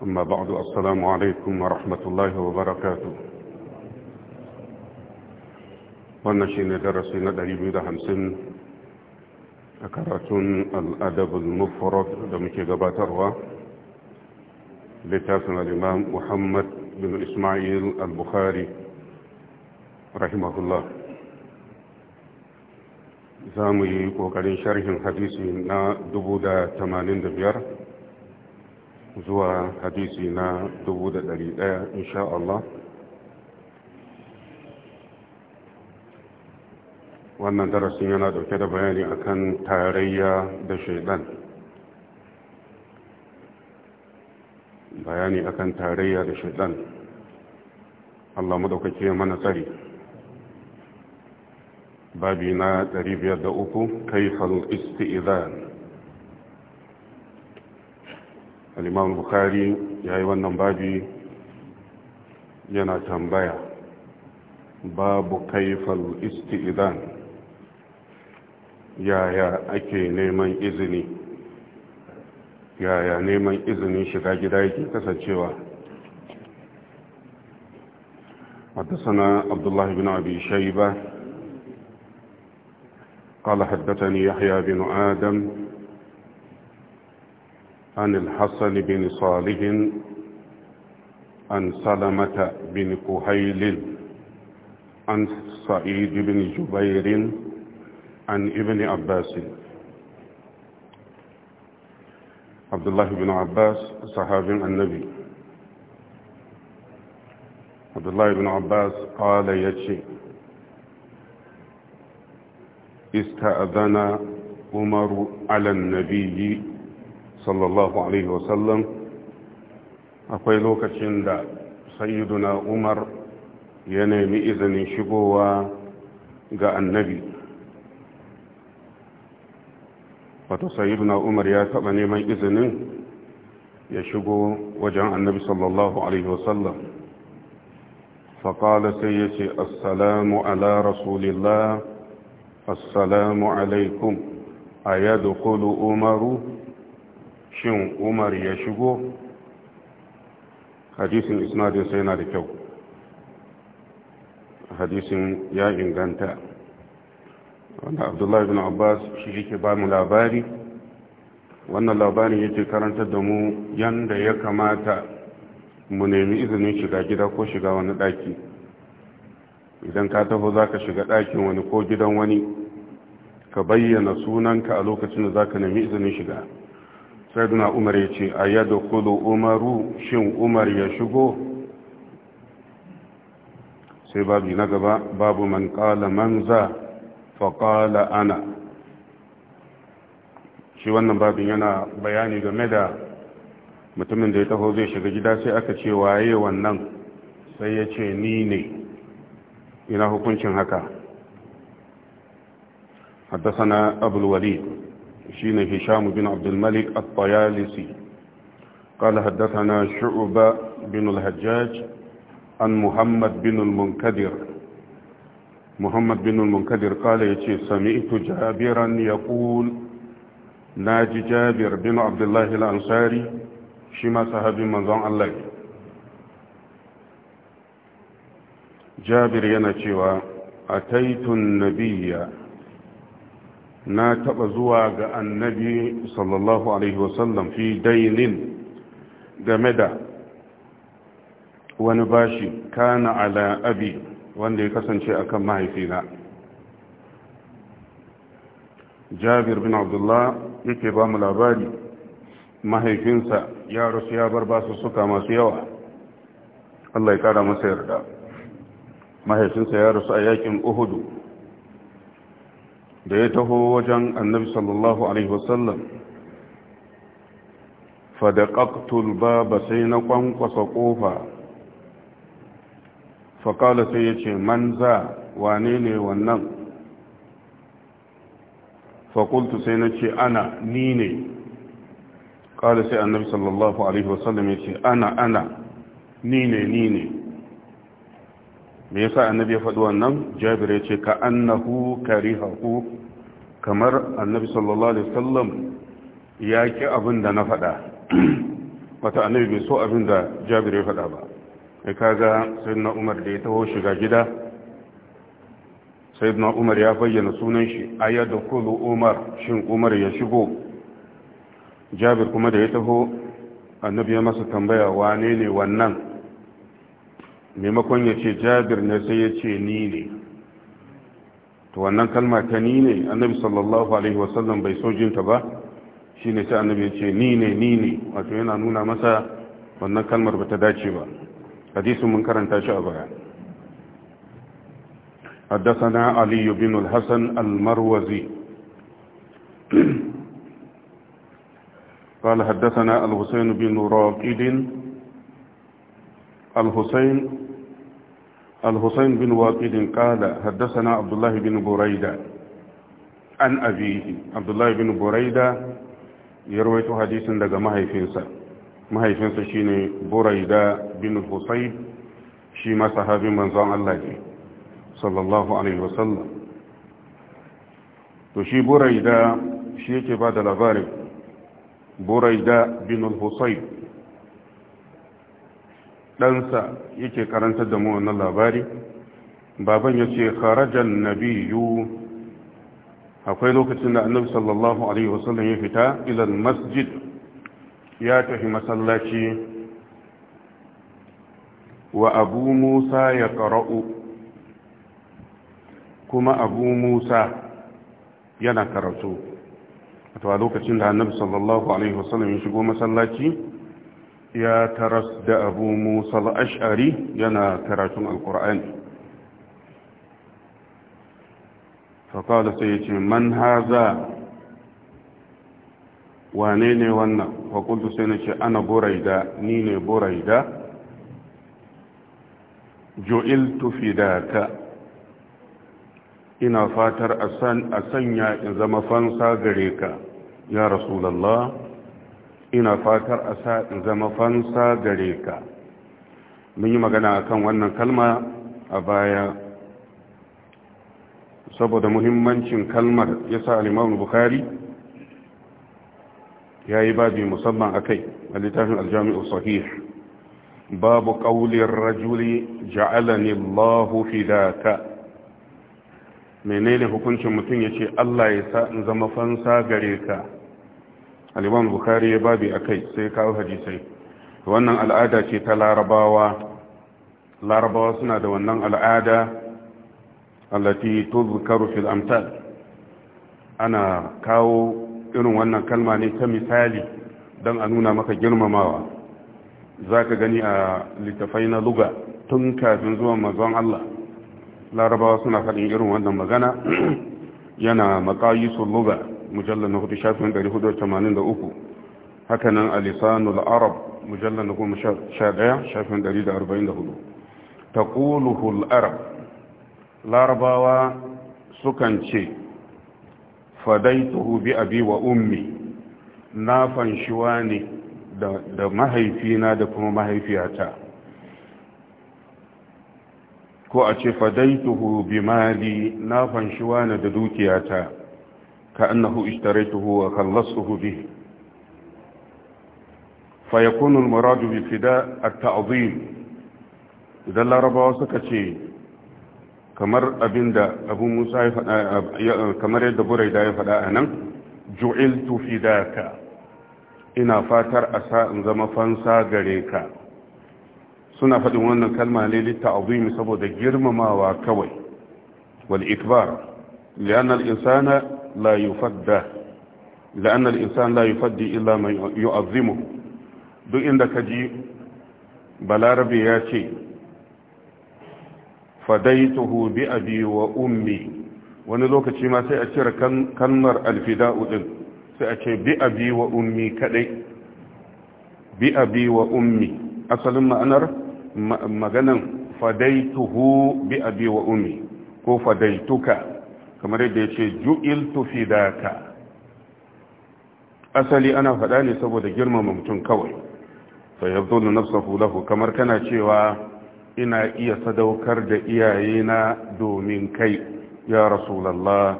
أما بعد السلام عليكم ورحمة الله وبركاته ونشين درسنا دريب ده همسن أكارتون الأدب المفرد دمشي قباتر لتاسنا الإمام محمد بن إسماعيل البخاري رحمه الله زامي وقالين شرح الحديث من دبودة 85 zuwa hadisi na 1100 insha Allah wannan darasin yana dauke da bayani akan tarayya da shaidan bayani akan tarayya da shaidan Allah madaukake mana tsari babi na 503 kaifal istizan al-imam bukhari yi wannan babi yana tambaya babu kaifal isti'zan yaya ake neman izini yaya neman izinin shiga gida yake kasancewa حدثنا عبد الله بن أبي شيبة قال حدثني يحيى بن آدم عن الحسن بن صالح عن سلمة بن كهيل عن سعيد بن جبير عن ابن عباس عبد الله بن عباس صحابي النبي عبد الله بن عباس قال يتشي استأذن عمر على النبي sallallahu alaihi wasallam akwai lokacin da sayyiduna umar ya nemi izinin shigowa ga annabi wato sayyiduna umar ya taɓa neman izinin ya shigo wajen annabi sallallahu alaihi wasallam faƙala sai ya ce assalamu ala rasulillah assalamu alaikum a yadda umaru shin umar ya shigo hadisin sai yana da kyau hadisin ya inganta wanda abdullahi bin abbas shi yake ba mu labari wannan labarin yake karantar da mu yanda ya kamata mu nemi izinin shiga gida ko shiga wani daki idan ka taho za ka shiga dakin wani ko gidan wani ka bayyana sunanka a lokacin da za ka nemi izinin shiga sayyiduna umar ya ce a yadda kudu umaru shin umar ya shigo sai babu na gaba babu man kala manza faƙala ana shi wannan babin yana bayani game da mutumin da ya taho zai shiga gida sai aka ce waye wannan sai ya ce ni ne ina hukuncin haka haddasa na abulwalid شين هشام بن عبد الملك الطيالسي قال حدثنا شعبة بن الهجاج عن محمد بن المنكدر محمد بن المنكدر قال يتي سمعت جابرا يقول ناجي جابر بن عبد الله الأنصاري شما صحابي منظم الله جابر ينتي أتيت النبي na taɓa zuwa ga annabi sallallahu alaihi wasallam fi dainin game da wani bashi kana ala abi wanda ya kasance akan mahaifina jabir bin abdullah yake ba mu labari mahaifinsa ya rasu ya bar basu suka masu yawa Allah ya kara masa yarda mahaifinsa ya rasu a yakin uhudu da ya taho wajen annabi sallallahu alaihi wasallam fadaqaqtul baba sai na kwankwasa kofa faqala sai yace man za wane ne wannan faqultu sai na ce ana ni ne ƙala sai annabi sallallahu alaihi wasallam ce ana ana ni ne ni ne me yasa annabi ya faɗi wannan jabir ya ce ka annahu karihahu kamar annabi sallallahu alaihi wasallam ya ki abin da na faɗa wata annabi bai so abin da jabir ya faɗa ba ka kaga sayyidina umar da ya taho shiga gida sayyidina umar ya bayyana sunan shi Kulu umar shin umar ya shigo jabir kuma da ya taho annabi ya masa tambaya wane ne wannan maimakon ya ce jabir ne sai ya ce ni ne to wannan kalma ta ni ne annabi sallallahu alaihi wasallam bai so jinta ba shi ne sai annabi ya ce ni ne ni ne wato yana nuna masa wannan kalmar bata dace ba hadisin mun karanta shi a baya حدثنا علي بن الحسن المروزي قال حدثنا الحسين بن راقد الحسين الحسين بن واقد قال حدثنا عبد الله بن بريدة عن أبيه عبد الله بن بريدة يروي حديثا لغا مهيفنسا مهيفنسا شيني بريدة بن الحسين شيما صحابي منظام الله صلى الله عليه وسلم تشي بريدة شيكي بعد الأبارك بريدة بن الحسين ɗansa yake karanta da mu wannan labari baban ya ce kharajan nabiyu akwai lokacin da annabi sallallahu alaihi wasallam ya fita ilal masjid ya tafi masallaci wa abu musa ya ƙara'u kuma abu musa yana karatu a lokacin da annabi sallallahu alaihi wasallam ya shigo masallaci ya taras da abu musa al-Ashari yana karatun alkur'ani faƙala sai ya ce man haza wane ne wannan faƙultu sai na ce ana buraida ni ne buraida jo'il tufi da ta ina fatar a sanya in zama fansa gare ka ya rasulallah ina fatar a sa in zama fansa gare ka mun yi magana akan wannan kalma a baya saboda muhimmancin kalmar ya sa alimamun bukari ya yi babi musamman a kai a littafin aljami'u sahih babu ƙaunin rajuli ja'alani allahu fidaka menene hukuncin mutum ya ce allah ya sa in zama fansa gare ka al bukari ya ya babi kai sai kawo hadisai wannan al'ada ce ta larabawa larabawa suna da wannan al'ada allati tuzkaru fil ana kawo irin wannan kalma ne ta misali don a nuna maka girmamawa za ka gani a littafai na luga tun kafin zuwan mazan Allah larabawa suna faɗin irin wannan magana yana matsayi sun luga mujallar na hudu shafin 483 hakanan alisanul arab mujallar na goma sha daya shafin 144 ta ƙuluhul arab larabawa sukan ce fadaituhu a abi wa ummi na fanshiwa ne da mahaifina da kuma mahaifiyata ko a ce fadaituhu bi mali na fanshiwa ne da dukiyata كأنه اشتريته وخلصته به فيكون المراد بالفداء التعظيم إذا لا ربا وسكتي كمر أبن دا أبو موسى كمر يد بريدا يفدا أنا جعلت فداك إنا فاتر أساء زم فانسا غريكا suna faɗin wannan kalma ne litta'azimi saboda girmamawa kawai wal ikbar li'anna al-insana لا يفدى لأن الإنسان لا يفدي إلا من يعظمه دو عندك جي بلاربي ياتي fadaituhu bi abi wa ummi wani lokaci ma sai a cire kanmar alfida'u din sai a ce bi abi wa ummi kadai bi abi wa ummi asalin ma'anar maganan fadaituhu bi abi wa ummi ko fadaituka kamar yadda ya ce ju'il tufi daka asali ana faɗa ne saboda girmama mutum kawai sai ya zonu nafsahu lahu kamar kana cewa ina iya sadaukar da iyayena domin kai ya rasulallah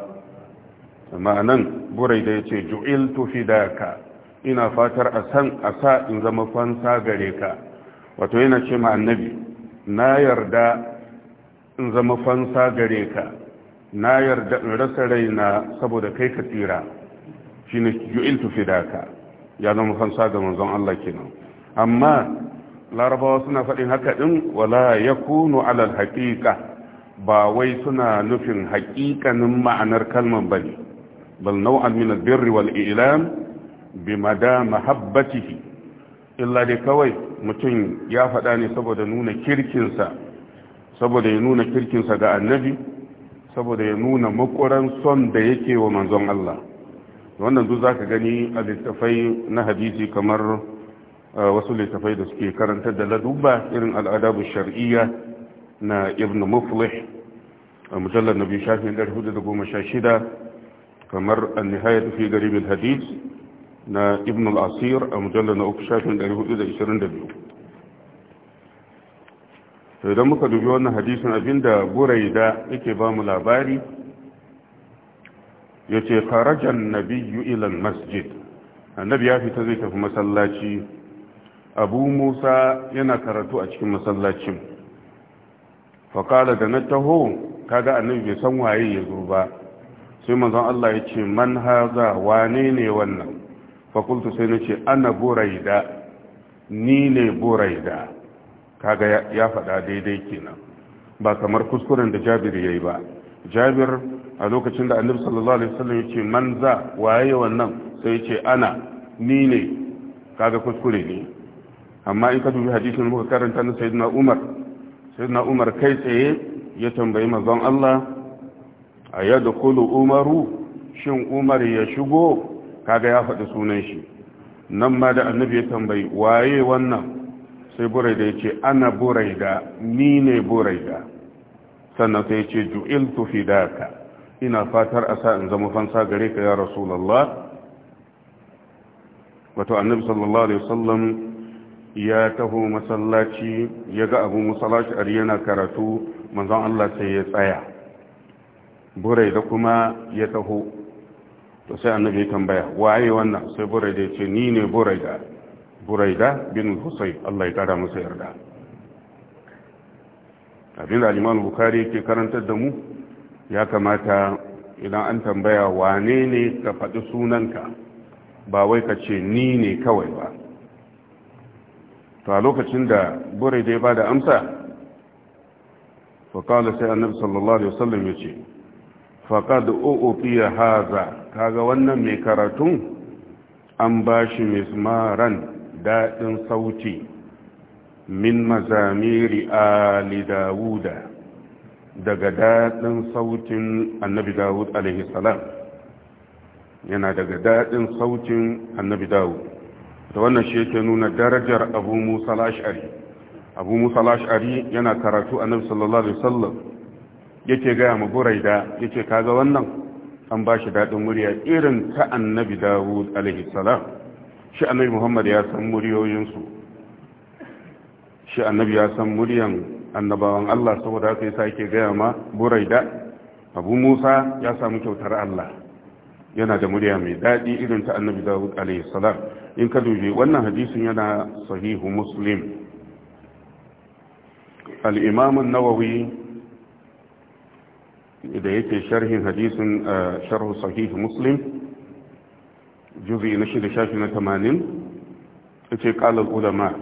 ma'anan burai da ya ce ju'il tufi daka ina fatar a san a sa in zama fansa gare ka wato yana ce ma annabi na yarda in zama fansa gare ka na yarda in rasa raina saboda kai ka tsira shi shine ju'iltu fidaka ya zama fansa ga manzon Allah kenan amma larabawa suna faɗin haka din wala yakunu alal haqiqa ba wai suna nufin haƙiƙanin ma'anar kalman bane bal naw'an min albirri wal i'lam bimada mahabbatihi illa dai kawai mutum ya faɗa ne saboda nuna kirkinsa saboda ya nuna kirkinsa ga annabi saboda ya nuna makuran son da yake wa manzon Allah wannan duk zaka gani a littafai na hadisi kamar uh, wasu littafai da suke karantar da ladubba irin al'adabu shar'iyya na ibn muflih a mujallar nabi shafin da goma sha shida kamar an-nihayat fi garib al na ibn al a mujallar na uku shafin da da biyu. Saidan idan muka dubi wannan hadisin abinda buraida yake ba mu labari yace na nabiyyu ilan masjid annabi ya fita zai tafi masallaci abu musa yana karatu a cikin masallacin faƙala da na taho kaga annabi bai san waye ya zo ba sai manzon Allah ya ce man haza wane ne wannan fakultu sai na ce ana buraida ni ne buraida kaga ya faɗa daidai kenan ba kamar kuskuren da jabir ya yi ba jabir a lokacin da annabi sallallahu alaihi wasallam ya ce man za waye wannan sai ya ce ana ni ne kaga kuskure ne amma in ka dubi hadisin muka karanta na sayyidina umar sayyidina umar kai tsaye ya tambayi manzon Allah a yadkhulu umaru shin umar ya shigo kaga ya faɗi sunan shi nan ma da annabi ya tambayi waye wannan sai buraida ya ce ana buraida ni ne buraida sannan sai ya ce ju'iltu fidaka ina fatar a sa in zama fansa gare ka ya rasulallah wato annabi sallallahu alaihi wasallam ya taho masallaci ya ga abu masallaci a yana karatu manzon Allah sai ya tsaya buraida kuma ya taho to sai annabi ya tambaya waye wannan sai buraida ya ce ni ne buraida buraida bin husayn Allah ya kara masa yarda abin da imam bukhari yake karantar da mu ya kamata idan an tambaya wane ne ka faɗi sunanka ba wai ka ce ni ne kawai ba to a lokacin da buraida ya bada amsa faƙala sai annabi sallallahu alaihi wasallam ya ce faƙad o'ofiya haza kaga wannan mai karatun an bashi shi mismaran daɗin sauti min mazamiri ali dawuda daga daɗin sautin annabi dawud salam yana daga daɗin sautin annabi dawud da wannan shi yake nuna darajar abu musa lash'ari abu musa lash'ari yana karatu a nabi sallallahu alaihi sallam. yake gaya ma buraida yake kaga wannan an ba shi daɗin murya irin ta annabi dawud alaihi salam shi annabi muhammad ya san muryoyinsu shi annabi ya san muryan annabawan allah saboda haka ya yake gaya ma buraida abu musa ya samu kyautar allah yana da murya mai daɗi irin ta annabi dawud alaihi salam in ka dubi wannan hadisin yana sahihu muslim al-imam an-nawawi da yake sharhin hadisin eh, sharhu sahihu muslim juzi na shida shafi na tamanin ta ce ƙalar ulama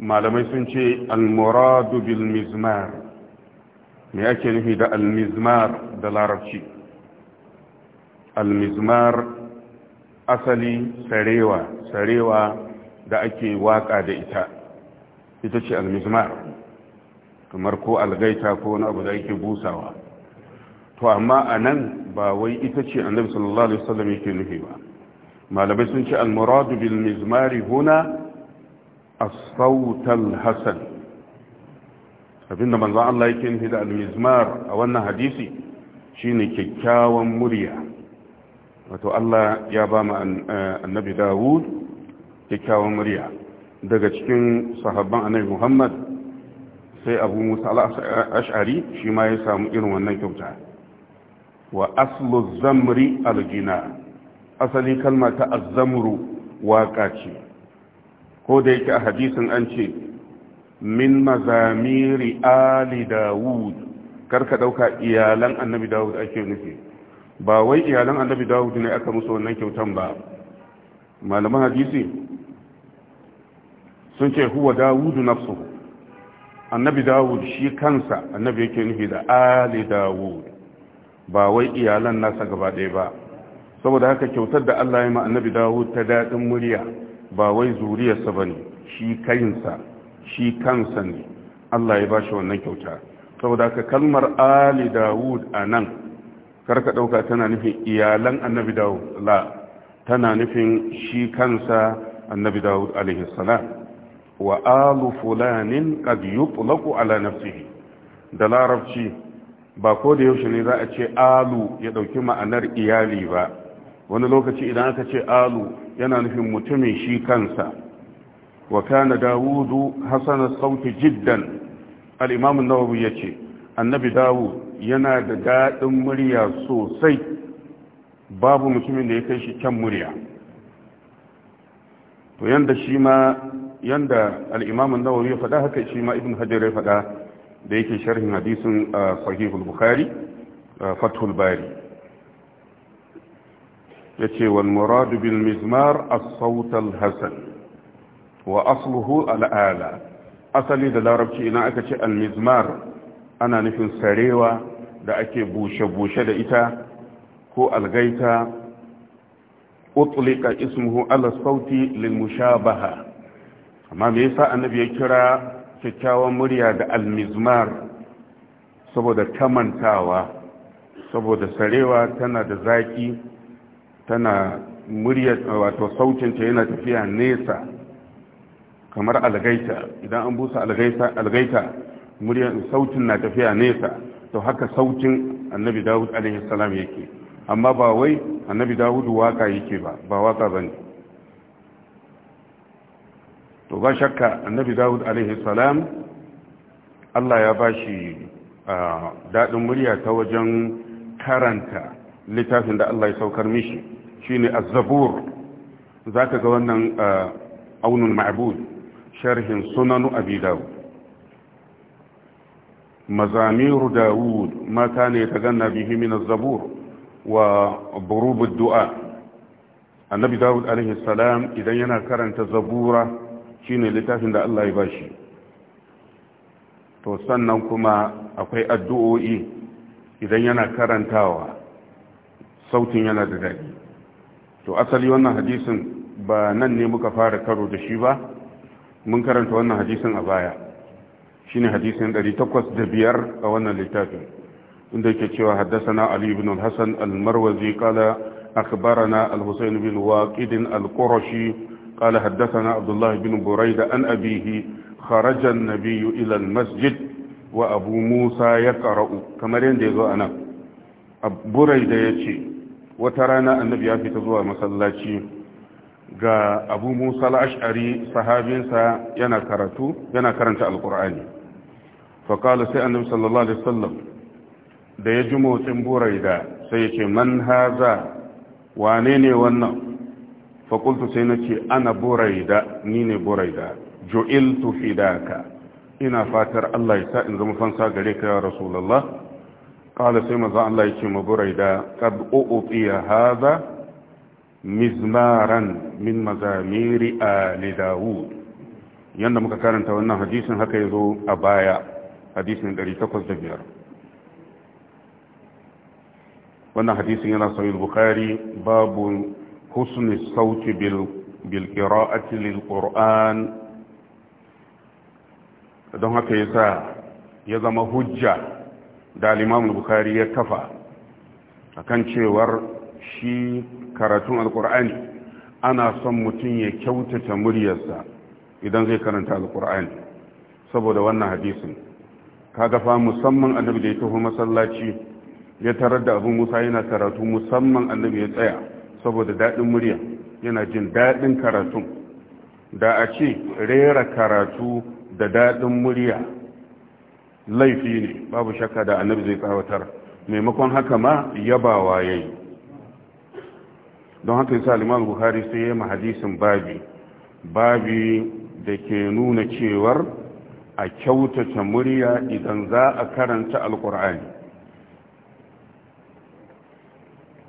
malamai sun ce almoradu bil mizmar me ake nufi da almizmar da larabci almizmar asali sarewa sarewa da ake waka da ita ita ce almizmar kamar ko algaita ko wani abu da ake busawa to amma a nan ba wai ita ce annabi sallallahu alaihi wasallam yake nufi ba malamai sun ce almuradu bil mizmari huna as-sautal hasan abinda manzon Allah yake nufi da al-mizmar a wannan hadisi shine kyakkyawan murya wato Allah ya ba mu eh, annabi Dawud kyakkyawan murya daga cikin sahabban annabi Muhammad sai Abu Musa al-Ash'ari shi ma ya samu irin wannan kyauta wa aslu zamri al asali kalma ta azzamru waka ce ko da yake a hadisin an ce min mazamiri ali dawud karka dauka iyalan annabi dawud ake nufi ba wai iyalan annabi dawud ne aka musu wannan kyautan ba malaman hadisi sun ce huwa dawudu nafsu annabi dawud shi kansa annabi yake nufi da ali dawud ba wai iyalan nasa gaba ɗaya ba saboda haka kyautar da Allah ya ma annabi Dawud ta daɗin murya ba wai zuriyarsa bane shi kansa shi kansa ne Allah ya ba shi wannan kyauta saboda haka kalmar ali Dawud anan karka dauka tana nufin iyalan annabi Dawud la tana nufin shi kansa annabi Dawud alaihi salam wa alu fulanin kad yuqlaqu ala nafsihi da larabci ba ko da yaushe ne za a ce alu ya ɗauki ma'anar iyali ba wani lokaci idan aka ce alu yana nufin mutumin shi kansa wa kana dawudu hasana sauti jiddan al-imam an-nawawi yace annabi Dawu yana da dadin murya sosai babu mutumin da ya kai shi kan murya to yanda shi ma yanda al-imam an-nawawi ya faɗa haka shi ma ibn hajar ya faɗa da yake sharhin hadisin ah, sahihul bukhari ah, fathul bari ya ce wal muradu bil mizmar as-sautal hasan wa asluhu al'ala asali da larabci ina aka ce al mizmar ana nufin sarewa da ake bushe-bushe da ita ko algaita utlika ismuhu ala sauti lil mushabaha amma me yasa annabi ya kira kyakkyawan murya da almizmar saboda kamantawa saboda sarewa tana da zaki tana murya wato sautinta yana tafiya nesa kamar algaita idan an busa algaita sautin na tafiya nesa to haka sautin annabi dawud alaihi salam yake amma ba wai annabi dawud waka yake ba ba waka bane to ba shakka annabi dawud alaihi salam Allah ya bashi dadin murya ta wajen karanta littafin da Allah ya saukar mishi shine az-zabur zaka ga wannan aunul ma'bud sharhin sunan abi daud mazamir daud ma kana yataganna bihi min az-zabur wa Burubudu'a. ad-du'a annabi daud alayhi idan yana karanta zabura shine littafin da Allah ya bashi to sannan kuma akwai addu'o'i idan yana karantawa sautin yana da daɗi to asali wannan hadisin ba nan ne muka fara karo da shi ba mun karanta wannan hadisin a baya shine hadisin 805 a wannan littafin inda yake cewa haddasana ali ibn al hassan al-marwazi qala akhbarana al-husayn bin waqid al-qurashi qala haddathana abdullah bin Buraida, an abihi kharaja an-nabiy ila al-masjid wa abu musa yaqra'u kamar yanda yazo anan burayda yace wata rana annabi ya fita zuwa masallaci ga abu musa al'ashari sahabinsa yana karatu yana karanta alkur'ani faƙala sai annabi sallallahu alaihi sallam da ya ji motsin burai da sai ya ce man haza wane ne wannan faƙultu sai na ce ana burai da ni ne burai da jo'il ina fatar allah ya sa in zama fansa gare ka ya rasulallah ala sai maza Allah yake maburai da qad u'tiya hadha mizmaran min mazamiri ali dawu. yanda muka karanta wannan hadisin haka yazo a baya hadisin biyar. wannan hadisin yana sahih bukhari babu husni sauti bil bil qira'ati lil qur'an don haka yasa ya zama hujja da limamun bukari ya kafa akan cewar shi karatun alkur'ani ana son mutum ya kyautata muryarsa idan zai karanta alkur'ani saboda wannan hadisin kaga fa musamman annabi da ya tafi masallaci ya tarar da abin musa yana karatu musamman annabi ya tsaya saboda daɗin murya yana jin daɗin karatun da a ce rera karatu da daɗin murya laifi ne babu shakka da annabi zai tsawatar maimakon haka ma yabawa yayi don haka yasa al buhari Bukhari sai ma hadisin babi babi da ke nuna cewar a kyautata murya idan za a karanta alkur'ani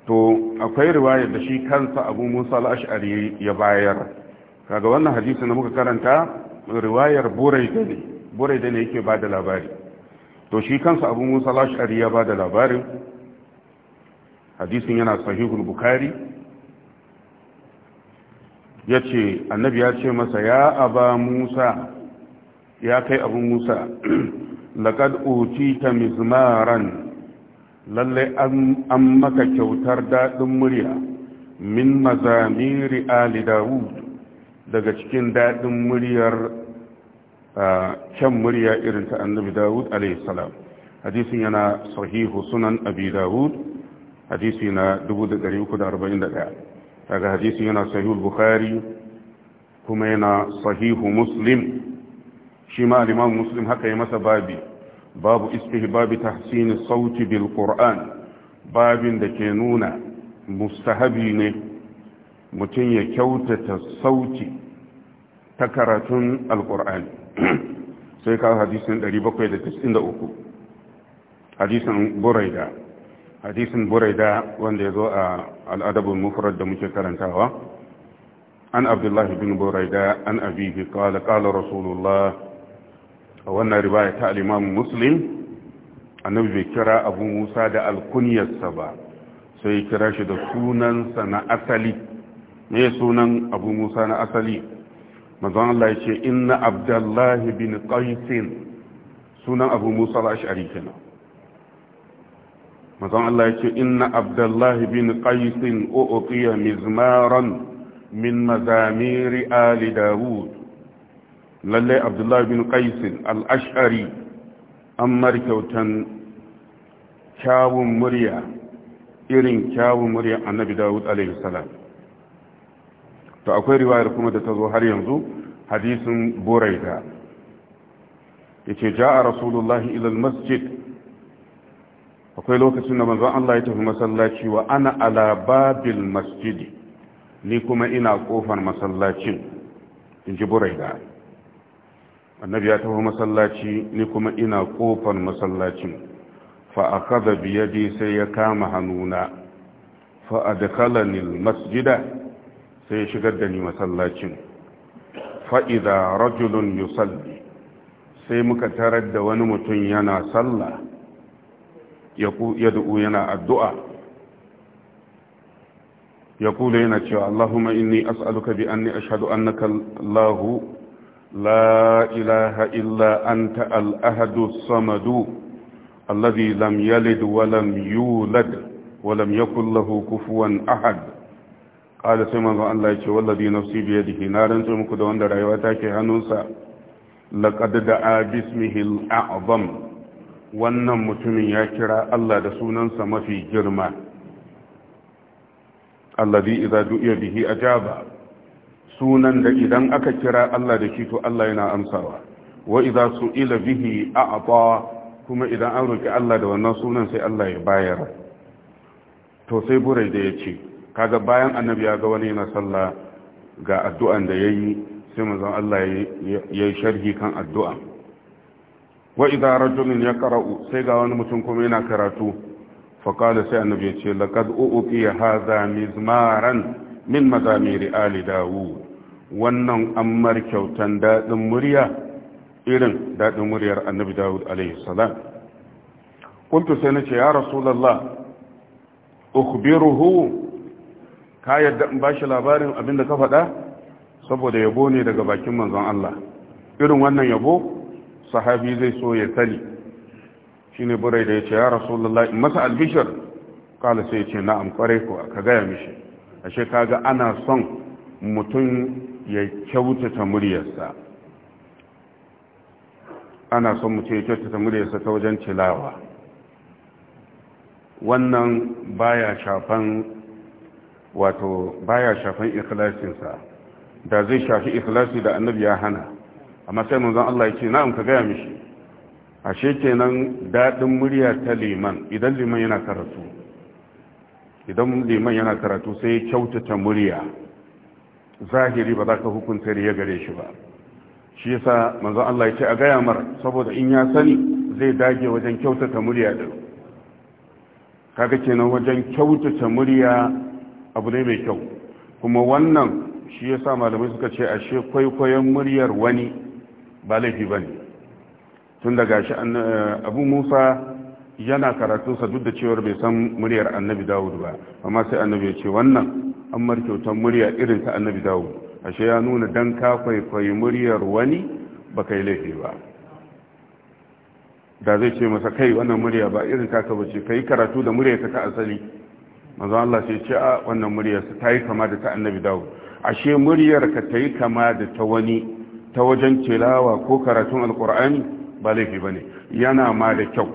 to akwai riwayar da shi kansa abu musa al'ashari ya bayar kaga wannan hadisi na muka karanta riwayar da ne da ne yake ba da labari to shi kansa abu musa lashari ya ba da labarin hadisin yana sahihul bukari ya ce annabi ya ce masa ya aba musa ya kai abu musa laƙad ta mizmaran lallai an maka kyautar daɗin murya min mazamiri ali dawud daga cikin daɗin muryar kyan murya irin ta annabi dawud alaihissalam hadisin yana sahihu sunan abi dawud hadisi na 341 daga hadisin yana sahihu bukhari kuma yana sahihu muslim shi ma alimamu muslim haka yi masa babi babu istihbabi tahsini sauti bil qur'an babin da ke nuna mustahabi ne mutum ya kyautata sauti ta karatun alqur'ani sai kawo hadisun 793 hadisin buraida hadisin buraida wanda ya zo a al'adabin mufarar da muke karantawa an abdullahi bin buraida an abibi da kala rasulullah a wannan ribaya ta alimamin muslim annabi bai kira abu musa da alkunyarsa ba sai kira shi da sunansa na asali ne sunan abu musa na asali مزان الله شيء إن عبد الله بن قيس سنة أبو موسى الأشعري كنا مزان الله شيء إن عبد الله بن قيس أعطي مزمارا من مزامير آل داود للي عبد الله بن قيس الأشعري أمر كوتن كاو مريا إرين كاو مريا النبي داود عليه السلام to akwai riwayar kuma da ta zo har yanzu hadisin buraida ja ja'a rasulullahi ila masjid. akwai lokacin da manzon Allah ya tafi masallaci wa ana ala babil masjid ni kuma ina kofar masallacin inji buraida annabi ya tafi masallaci ni kuma ina kofar masallacin fa akhadha bi yadi sai ya kama hannuna fa adkhalani masjida. sai ya shigar da ni masallacin fa'iza rajulun yusalli sai muka tarar da wani mutum yana sallah ya du'u yana addu'a ya kula yana cewa Allahumma inni as'aluka bi anni ashhadu annaka Allahu la ilaha illa anta alahadu ahadu samadu allazi lam yalid wa lam yulad wa lam yakul kufuwan ahad ƙada sai manzon Allah ya ce wallabi nafsi biya jiki na rantse muku da wanda rayuwa ta ke hannunsa laƙad da a bismihil a'azam wannan mutumin ya kira Allah da sunansa mafi girma allazi idza du'iya bihi ajaba sunan da idan aka kira Allah da shi to Allah yana amsawa wa idza su'ila bihi a'ta kuma idan an roki Allah da wannan sunan sai Allah ya bayar to sai burai da yace kaga bayan annabi ya ga wani yana sallah ga addu'an da yayi sai manzon Allah yayi sharhi kan addu'a wa idza rajulun yaqra'u sai ga wani mutum kuma yana karatu fa qala sai annabi ya ce laqad uqiya hadha mizmaran min mazamiri ali daud wannan ammar kyautan dadin murya irin dadin muryar annabi dawud alaihi salam kuntu sai nace ya rasulullah ukhbiruhu ka yadda in shi labarin abin da ka faɗa saboda yabo ne daga bakin manzon Allah irin wannan yabo sahabi zai so ya sani ne burai da ce ya rasulullah in masa albishir kala sai yace na kware ko ka gaya mishi ashe kaga ana son mutum ya kyautata muryarsa ana son mutum ya kyautata muryarsa ta wajen tilawa wannan baya shafan wato baya shafan ikhlasinsa da zai shafi ikhlasi da annabi ya hana amma sai manzon Allah ya ce na'am ka gaya mishi ashe kenan dadin murya ta liman idan liman yana karatu idan liman yana karatu sai kyautata murya zahiri ba za ka hukunta ya gare shi ba shi yasa manzon Allah ya a gaya mar saboda in ya sani zai dage wajen kyautata murya din kaga kenan wajen kyautata murya abu ne mai kyau kuma wannan shi ya sa malamai suka ce ashe kwaikwayon muryar wani ba laifi ba ne tun daga shi eh, abu musa yana karatunsa duk da cewar bai san muryar annabi dawud ba amma sai annabi ya ce wannan an markyautar murya irin ta annabi dawud ashe ya nuna don ka kwaikwayi muryar wani ba kai laifi ba da zai ce masa kai wannan murya ba irin ce bace yi karatu da muryar ta asali manzo Allah sai ce a wannan muryarsa ta yi kama da ta annabi Dawud ashe muryar ka ta yi kama da ta wani ta wajen tilawa ko karatun alkur'ani ba laifi ba yana ma da kyau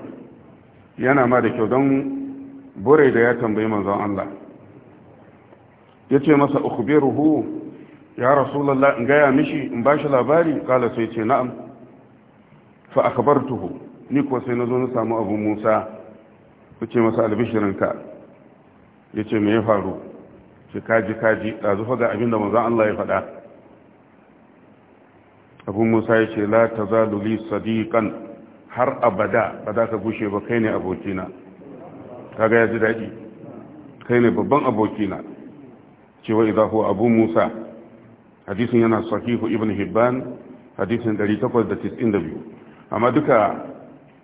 yana ma da kyau don bure da ya tambayi manzon Allah yace masa ukhbiruhu ya rasulullah in gaya mishi in bashi labari kala sai ce na'am fa tuhu ni ko sai na zo na samu abu Musa ce masa albishirinka ya ce me ya faru ce kaji kaji zufa ga abinda maza Allah ya faɗa abu musa ya ce la ta luli sadiƙan har abada ba za ka gushe ba kai ne abokina ga ya ji daɗi kai ne babban abokina cewa idan huwa abu musa hadisin yana sahihu ibn hibban hadisin 892 amma duka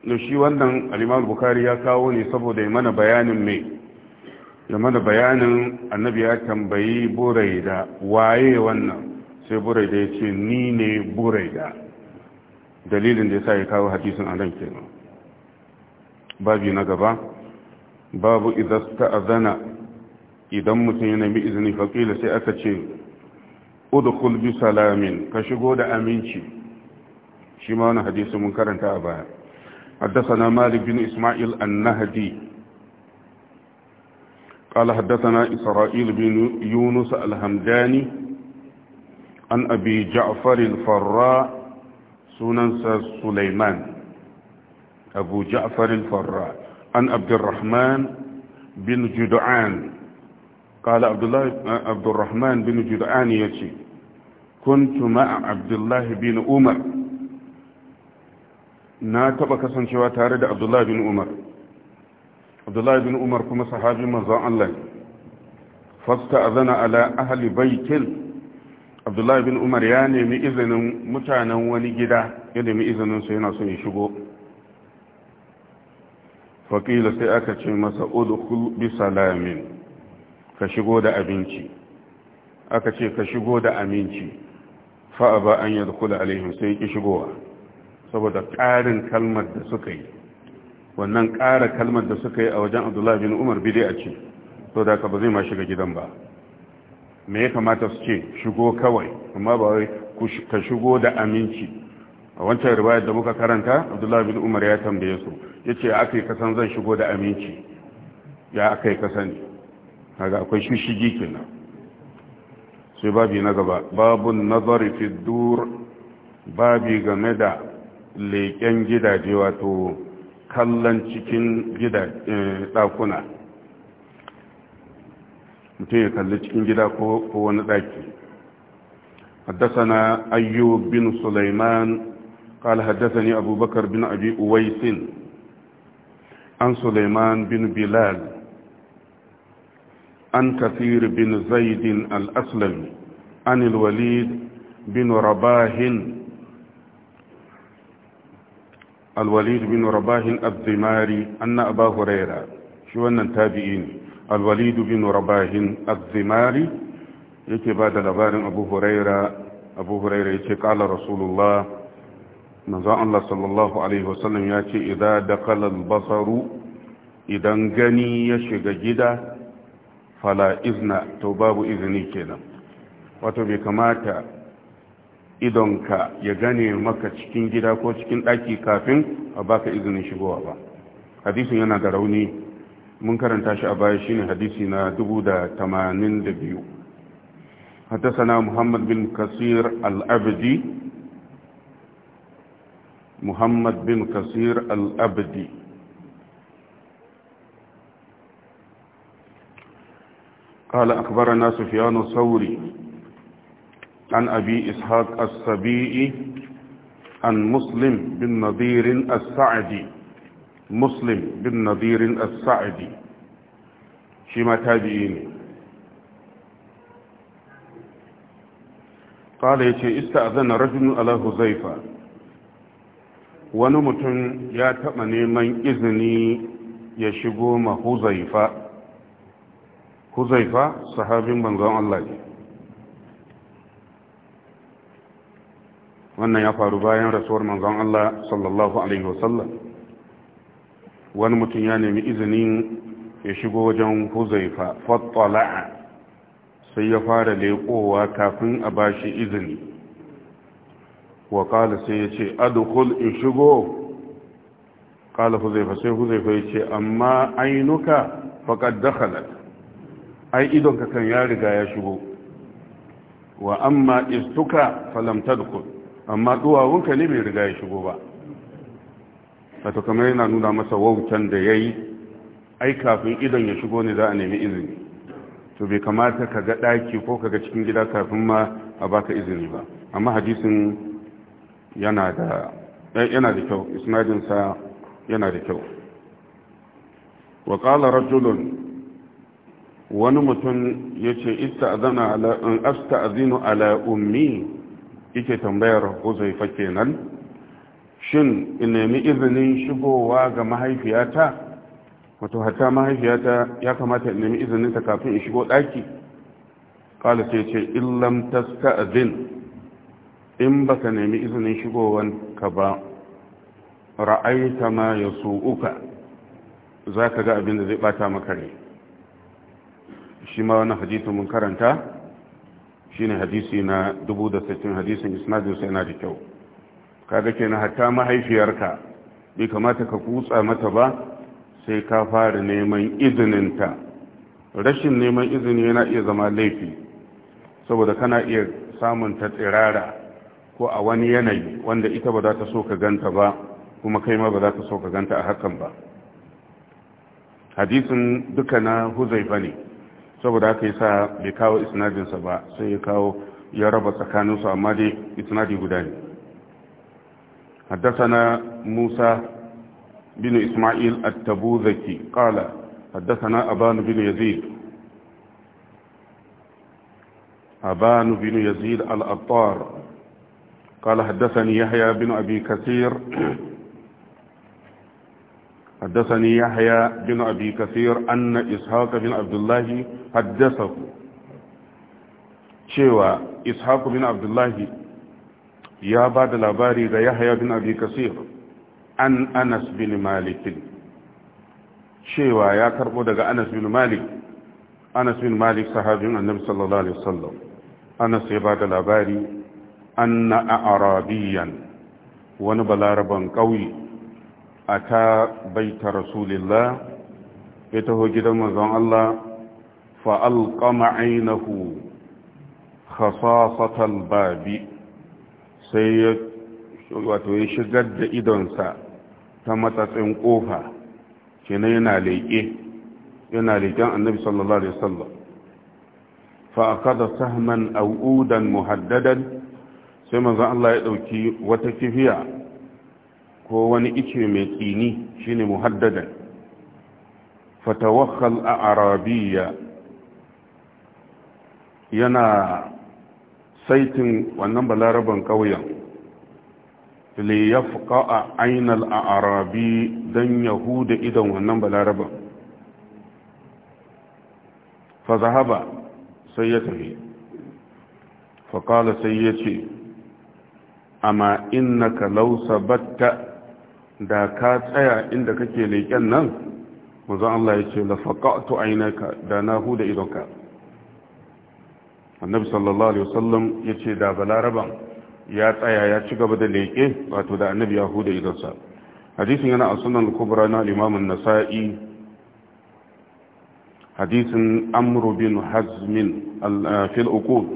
shi wannan alimar bukari ya kawo ne saboda ya mana bayanin mai game da bayanin annabi ya tambayi buraida waye wannan sai buraida ya ce ni ne buraida dalilin da ya sa ya kawo hadisin a nan babi na gaba babu idasta azana idan mutum ya nemi izini faƙila sai aka ce udkhul bi salamin ka shigo da aminci shi ma wani hadisi mun karanta a baya حدثنا bin Isma'il isma'il nahadi. قال حدثنا إسرائيل بن يونس الهمداني عن أبي جعفر الفراء سنن سليمان أبو جعفر الفراء عن عبد الرحمن بن جدعان قال عبد الله عبد الرحمن بن جدعان يتي كنت مع عبد الله بن عمر na taba kasancewa tare da abdullahi bin umar abdullahi bin umar kuma sahabin manzon Allah fasta azana ala ahli baitin abdullahi bin umar ya nemi izinin mutanen wani gida ya nemi izinin su yana son ya shigo faƙila sai aka ce masa udkhul bi salamin ka shigo da abinci aka ce ka shigo da aminci fa'a ba an yadkhula alaihim sai ki shigowa saboda ƙarin kalmar da suka yi wannan ƙara kalmar da suka yi a wajen abdullahi bin umar bide a ce to da ka ba zai ma shiga gidan ba me ya kamata su ce shigo kawai amma ba wai ka shigo da aminci a wancan riwayar da muka karanta abdullahi bin umar ya tambaye su ya ce aka yi kasan zan shigo da aminci ya aka yi kasan daga akwai shishigi kenan sai babi na gaba babun nazari fi dur babi game da leƙen gidaje wato kallon cikin gida eh, ɗakuna mutum ya kalli cikin gida ko wani ɗaki haddasana ayyub bin sulaiman قال حدثني أبو بكر بن أبي أويس عن سليمان بن بلال عن كثير بن زيد الأسلم عن الوليد بن رباهن الوليد بن رباح الزماري أن أبا هريرة شو أن التابعين الوليد بن رباح الزماري يكي بعد لبار أبو هريرة أبو هريرة يكي قال رسول الله نزاع الله صلى الله عليه وسلم يكي إذا دخل البصر إذا غني يشغ جدا فلا إذن توباب إذني كنا wato bai kamata idonka ya gane maka cikin gida ko cikin ɗaki kafin a baka izinin shigowa ba hadisin yana da rauni mun karanta shi a baya shine hadisi na 1082 bin kasir al-abdi muhammad bin kasir al-abdi قال أخبرنا سفيان الثوري عن أبي إسحاق السبيعي عن مسلم بن نظير السعدي مسلم بن نظير السعدي شما تابعيني قال يتي استأذن رجل على هزيفة wani mutum ya taɓa neman izini ya shigo ma huzaifa huzaifa sahabin banzan Allah ne wannan ya faru bayan rasuwar manzon Allah sallallahu alaihi wasallam wani mutum ya nemi izinin ya shigo wajen huzaifa fattala'a sai ya fara leƙowa kafin a bashi izini wa kala sai ya ce adukul in shigo kala huzaifa sai huzaifa ya ce amma ainuka faƙad dakhalat ai idonka kan ya riga ya shigo wa amma istuka falam tadkhul amma duwawunka ne bai riga ya shigo ba ta kamar yana nuna masa wautan da ya yi ai kafin idan ya shigo ne za a nemi izini to bai kamata ka ga ɗaki ko ka ga cikin gida kafin ma a baka izini ba amma hadisin yana da eh, kyau isnadinsa yana da kyau wa ƙala rajulun wani mutum ya ce ista azinu ala ummi yake tambayar huzaifa kenan shin in nemi izinin shigowa ga mahaifiyata wato hatta mahaifiyata ya kamata in nemi izinin ta kafin in shigo daki kala sai ce illam tasta'zin in baka nemi izinin shigowan ka ba ra'aita ma yasu'uka zaka ga abin da zai bata maka rai shi ma wannan hadisi mun karanta shine hadisi na sittin, hadisin isnadin sa yana da kyau kaga kenan hatta mahaifiyarka bai kamata ka kutsa mata ba sai ka fara neman izininta rashin neman izini yana iya zama laifi saboda kana iya samun ta tsirara ko a wani yanayi wanda ita ba za ta so ka ganta ba kuma kai ma ba za ta so ka ganta a hakan ba hadisin duka na huzaifa ne saboda aka yi sa, bai kawo isnadin ba sai ya kawo ya raba tsakanin su amma dai isnadi guda ne haddasa na musa bin isma'il at-tabu zaki qala haddasa na abanu bin yazid abanu bin yazid al-attar قال حدثني يحيى بن أبي كثير حدثني يحيى بن أبي كثير أن إسحاق بن عبد الله حدثه شوى إسحاق بن عبد الله يا بعد الأباري يحيى بن أبي كثير أن أنس بن مالك شوى يا كربو دقى أنس بن مالك أنس بن مالك صحابي النبي صلى الله عليه وسلم أنس يا بعد الأباري أن أعرابيا ونبلا ربا قوي a ta baita rasulillah ya taho gidan mazan Allah fa'alƙama ainihu khasasatal babi sai ya wato ya shigar da idonsa ta matsatsin ƙofa shi na yana leƙe yana leƙen annabi sallallahu alaihi wasallam fa'akada sahman au'udan muhaddadan sai mazan Allah ya ɗauki wata kifiya ko wani ice mai tsini shine muhaddadan fatawakhal a arabiya yana saitin wannan balaraban ƙauyen liyafka a ainal a arabi don yahuda idan wannan balaraban fa zahaba sai ya tafi faƙala sai ya ce amma innaka lausa batta da ka tsaya inda kake leƙen nan manzon Allah ya ce la faqatu da na huda idonka annabi sallallahu alaihi wasallam ya ce da balaraban ya tsaya ya ci gaba da leƙe wato da annabi ya huda idonsa hadisin yana a sunan kubra na limamin nasa'i hadisin amru bin hazmin fil uqud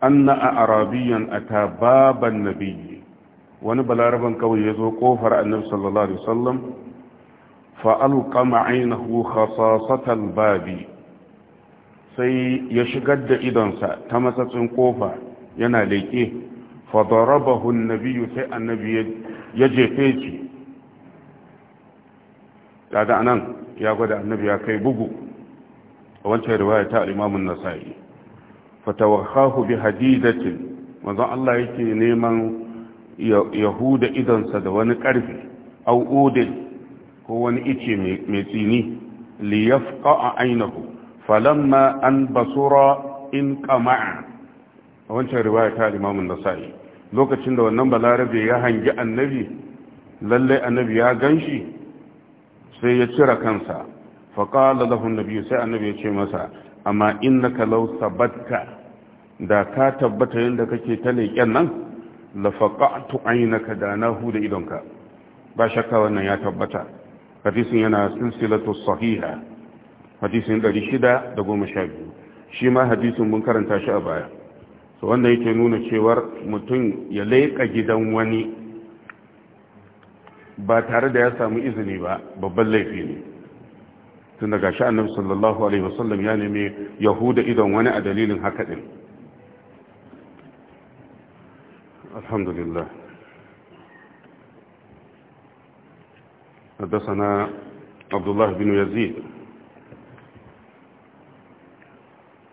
a arabiyan ata baban nabiyyi wani balaraban kawai ya zo kofar annabi sallallahu alaihi wasallam fa alqama aynahu khasasatal babi sai ya shigar da idonsa ta matsatsin kofa yana leƙe fa darabahu annabiyyu sai annabi ya jefe shi kaga anan ya gwada annabi ya kai bugu a wancan riwaya ta al-Imam an-Nasa'i fatawakhahu bi hadidatin manzo Allah yake neman yahuda idonsa da wani ƙarfi au odin ko wani ice mai tsini liyafka a ainihu falamma an basura in kama'a a wancan riwaya ta limamin nasa'i lokacin da wannan balarabe ya hangi annabi lallai annabi ya ganshi sai ya cire kansa faƙala da nabi sai annabi ya ce masa amma innaka law sabatka da ka tabbata yadda kake ta leƙen nan lafaqatu ka da na huda idonka ba shakka wannan ya tabbata hadisin yana silsilatu sahiha hadisin 612 shi ma hadisin mun karanta shi a baya so wanda yake nuna cewar mutum ya leƙa gidan wani ba tare da ya samu izini ba babban laifi ne tun daga sha'anin sallallahu alaihi wasallam ya nemi yahuda idon wani a dalilin haka din الحمد لله حدثنا عبد الله بن يزيد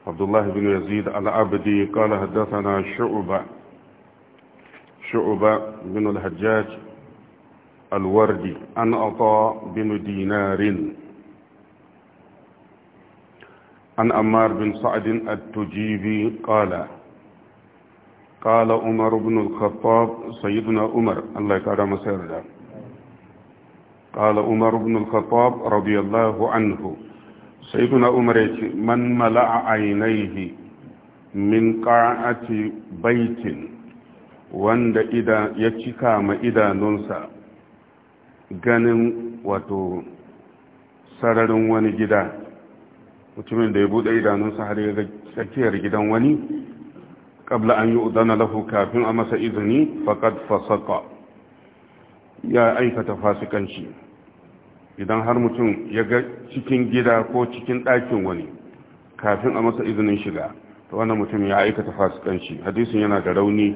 عبد الله بن يزيد العبدي قال حدثنا شعبة شعبة بن الحجاج الوردي عن عطاء بن دينار عن أمار بن سعد التجيبي قال قال عمر بن الخطاب سيدنا عمر الله يكرم مسيرنا قال عمر بن الخطاب رضي الله عنه سيدنا عمر من ملأ عينيه من قاعة بيت wanda ida ya cika ma idanunsa ganin wato sararin wani gida mutumin da ya bude idanunsa har ya tsakiyar gidan wani qabla an yu'dana lafu kafin a masa izini faqad Fasaka ya aikata fasikanci idan har mutum ya ga cikin gida ko cikin ɗakin wani kafin a masa izinin shiga to wannan mutum ya aikata fasikanci hadisin yana da rauni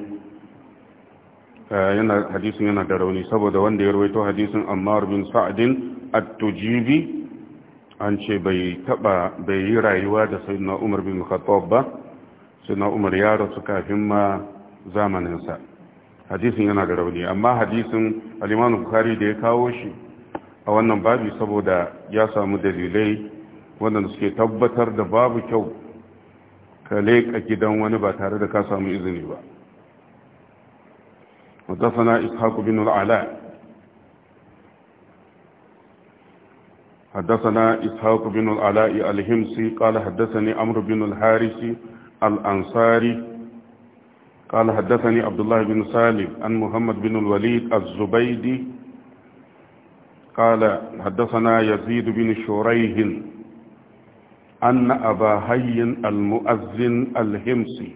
eh, yana yana da rauni saboda wanda ya rawaito hadisin Ammar bin Sa'adin at-Tujibi an ce bai taba bai yi rayuwa da Sayyidina Umar bin Khattab ba suna umar ya rasu kafin ma zamaninsa hadisin yana da rauni amma hadisin alimanin bukari da ya kawo shi a wannan babi saboda ya samu dalilai wadanda suke tabbatar da babu kyau ka leƙa gidan wani ba tare da ka samu izini ba ودفنا إسحاق بن العلاء حدثنا إسحاق بن العلاء الهمسي قال حدثني أمر بن الحارثي الأنصاري قال حدثني عبد الله بن سالم عن محمد بن الوليد الزبيدي قال حدثنا يزيد بن شريح أن أبا هي المؤذن الهمسي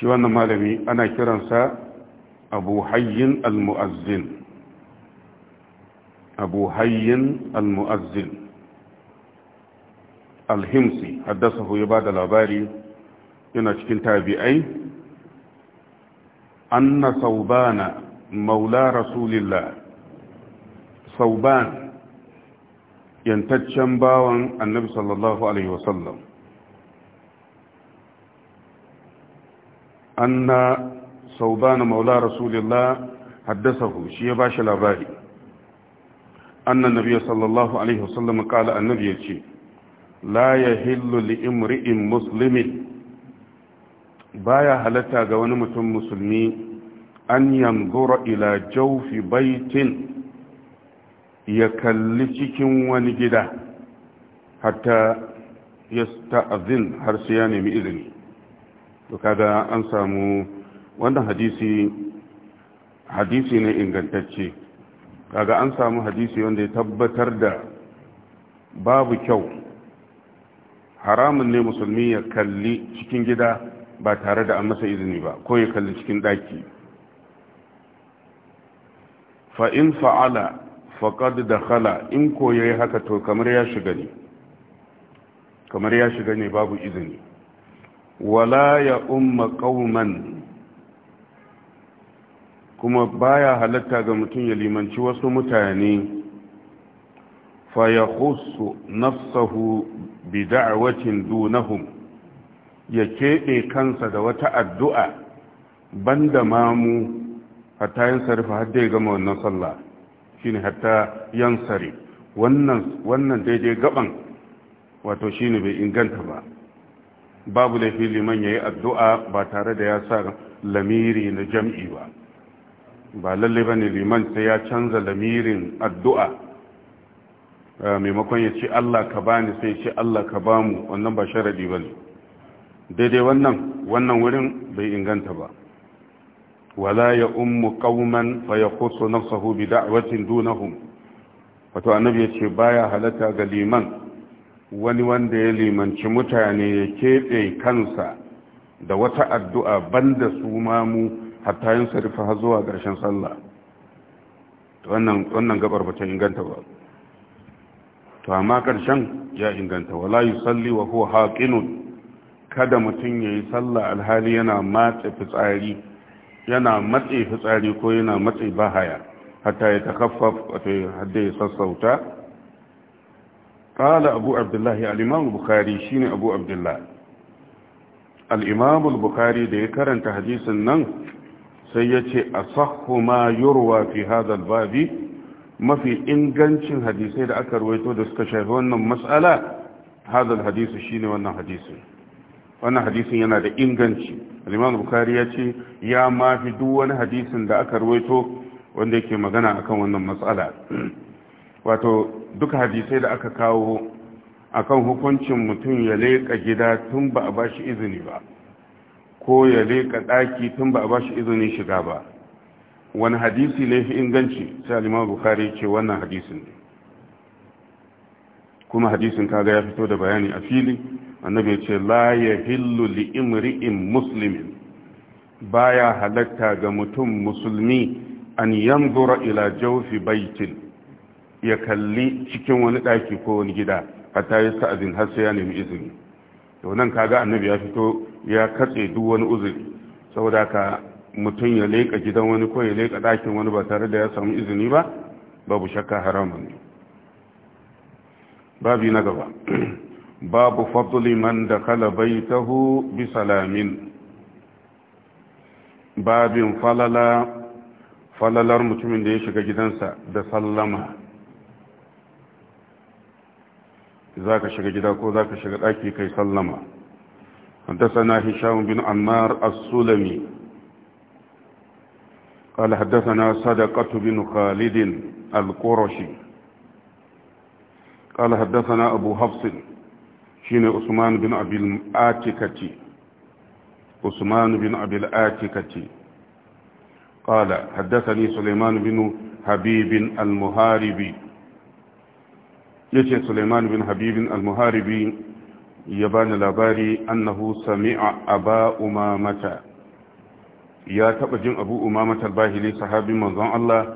شو أنا مالمي أنا كرنسا أبو حي المؤذن أبو حي المؤذن الهمسي حدثه يباد العباري yana cikin tabi'ai anna saubana maula rasulillah sauban yantaccen bawan annabi sallallahu alaihi wasallam anna saubana maula rasulillah haddasahu shi ya ba shi labari annan nabi sallallahu alaihi wasallam kala annabi ya ce la ya yahillu li imri'in muslimin baya halatta ga wani mutum musulmi an yanzura ila jawfi baitin ya kalli cikin wani gida hatta ya ta'azin har sai ya nemi izini to kaga an samu wannan hadisi hadisi ne ingantacce kaga an samu hadisi wanda ya tabbatar da babu kyau haramun ne musulmi ya kalli cikin gida ba tare da an masa izini ba ko ya kalli cikin ɗaki fa'in fa'ala faƙad da khala in ko ya yi haka to kamar ya shiga ne kamar ya shiga ne babu izini wala ya umma ƙauman kuma baya halatta ga mutum ya limanci wasu mutane fa ya nafsahu bi da'awatin dunahum ya keɓe kansa da wata addu'a banda mamu hatta yin sarifa hadda ya gama wannan sallah shi ne hatta yan sari wannan daidai gaban wato shi ne bai inganta ba babu laifin liman ya yi addu'a ba tare da ya sa lamiri na jam'i ba ba lalle ba ne liman sai ya canza lamirin addu'a eh, maimakon ya ce Allah ka ba ni sai ce Allah ka ba mu wannan ba sharaɗi ba ne daidai wannan wannan wurin bai inganta ba wala ya ummu qauman fa yakhusu nafsuhu bi da'watin dunahum wato annabi yace baya halatta ga liman wani wanda ya limanci mutane ya keɓe kansa da wata addu'a banda su mu hatta yin sarrafa har zuwa ƙarshen sallah wannan wannan gabar bata inganta ba to amma ƙarshen ya inganta wala yusalli wa huwa haqinun kada mutum ya yi sallah alhali yana matse fitsari yana matse fitsari ko yana matse bahaya hatta ya takaffaf wato hadda ya sassauta Ƙala abu abdullahi al-imam shi ne abu Abdullahi. al bukhari da ya karanta hadisin nan sai yace asahhu ma yurwa fi hadha babi mafi ingancin hadisai da aka ruwaito da suka shafi wannan matsala. hadha al shi shine wannan hadisin wannan hadisin yana da inganci al-imam bukhari ya ce ya ma fi duk wani hadisin da aka ruwaito wanda yake magana akan wannan matsala wato duka hadisai da aka kawo akan hukuncin mutum ya leƙa gida tun ba a bashi izini ba ko ya leƙa ɗaki tun ba a bashi izini shiga ba wani hadisi ne fi inganci sai al-imam bukhari ce wannan hadisin ne kuma hadisin kaga ya fito da bayani a fili annabi ce la ya hillu li imri'in muslimin baya halatta ga mutum musulmi an yanzura ila jawfi baitin ya kalli cikin wani daki ko wani gida hatta ya azin har sai ya nemi izini to nan kaga annabi ya fito ya katse duk wani uzuri saboda ka mutum ya leka gidan wani ko ya leka dakin wani ba tare da ya samu izini ba babu shakka haramun ne babu na gaba babu fadli man dakhala baitahu bisa lamin. babin falalar mutumin da ya shiga gidansa da sallama ka shiga gida ko zaka shiga kai sallama حدثنا هشام بن عمار السلمي قال حدثنا صدقة بن خالد القرشي قال حدثنا أبو حفص shine usman bin abil atikati usman bin abil atikati قال حدثني سليمان بن حبيب المهاربي yace Sulaiman bin Habibin al-Muharibi ya bani labari annahu sami'a aba umamata ya taɓa jin abu umamata al-bahili sahabin manzon Allah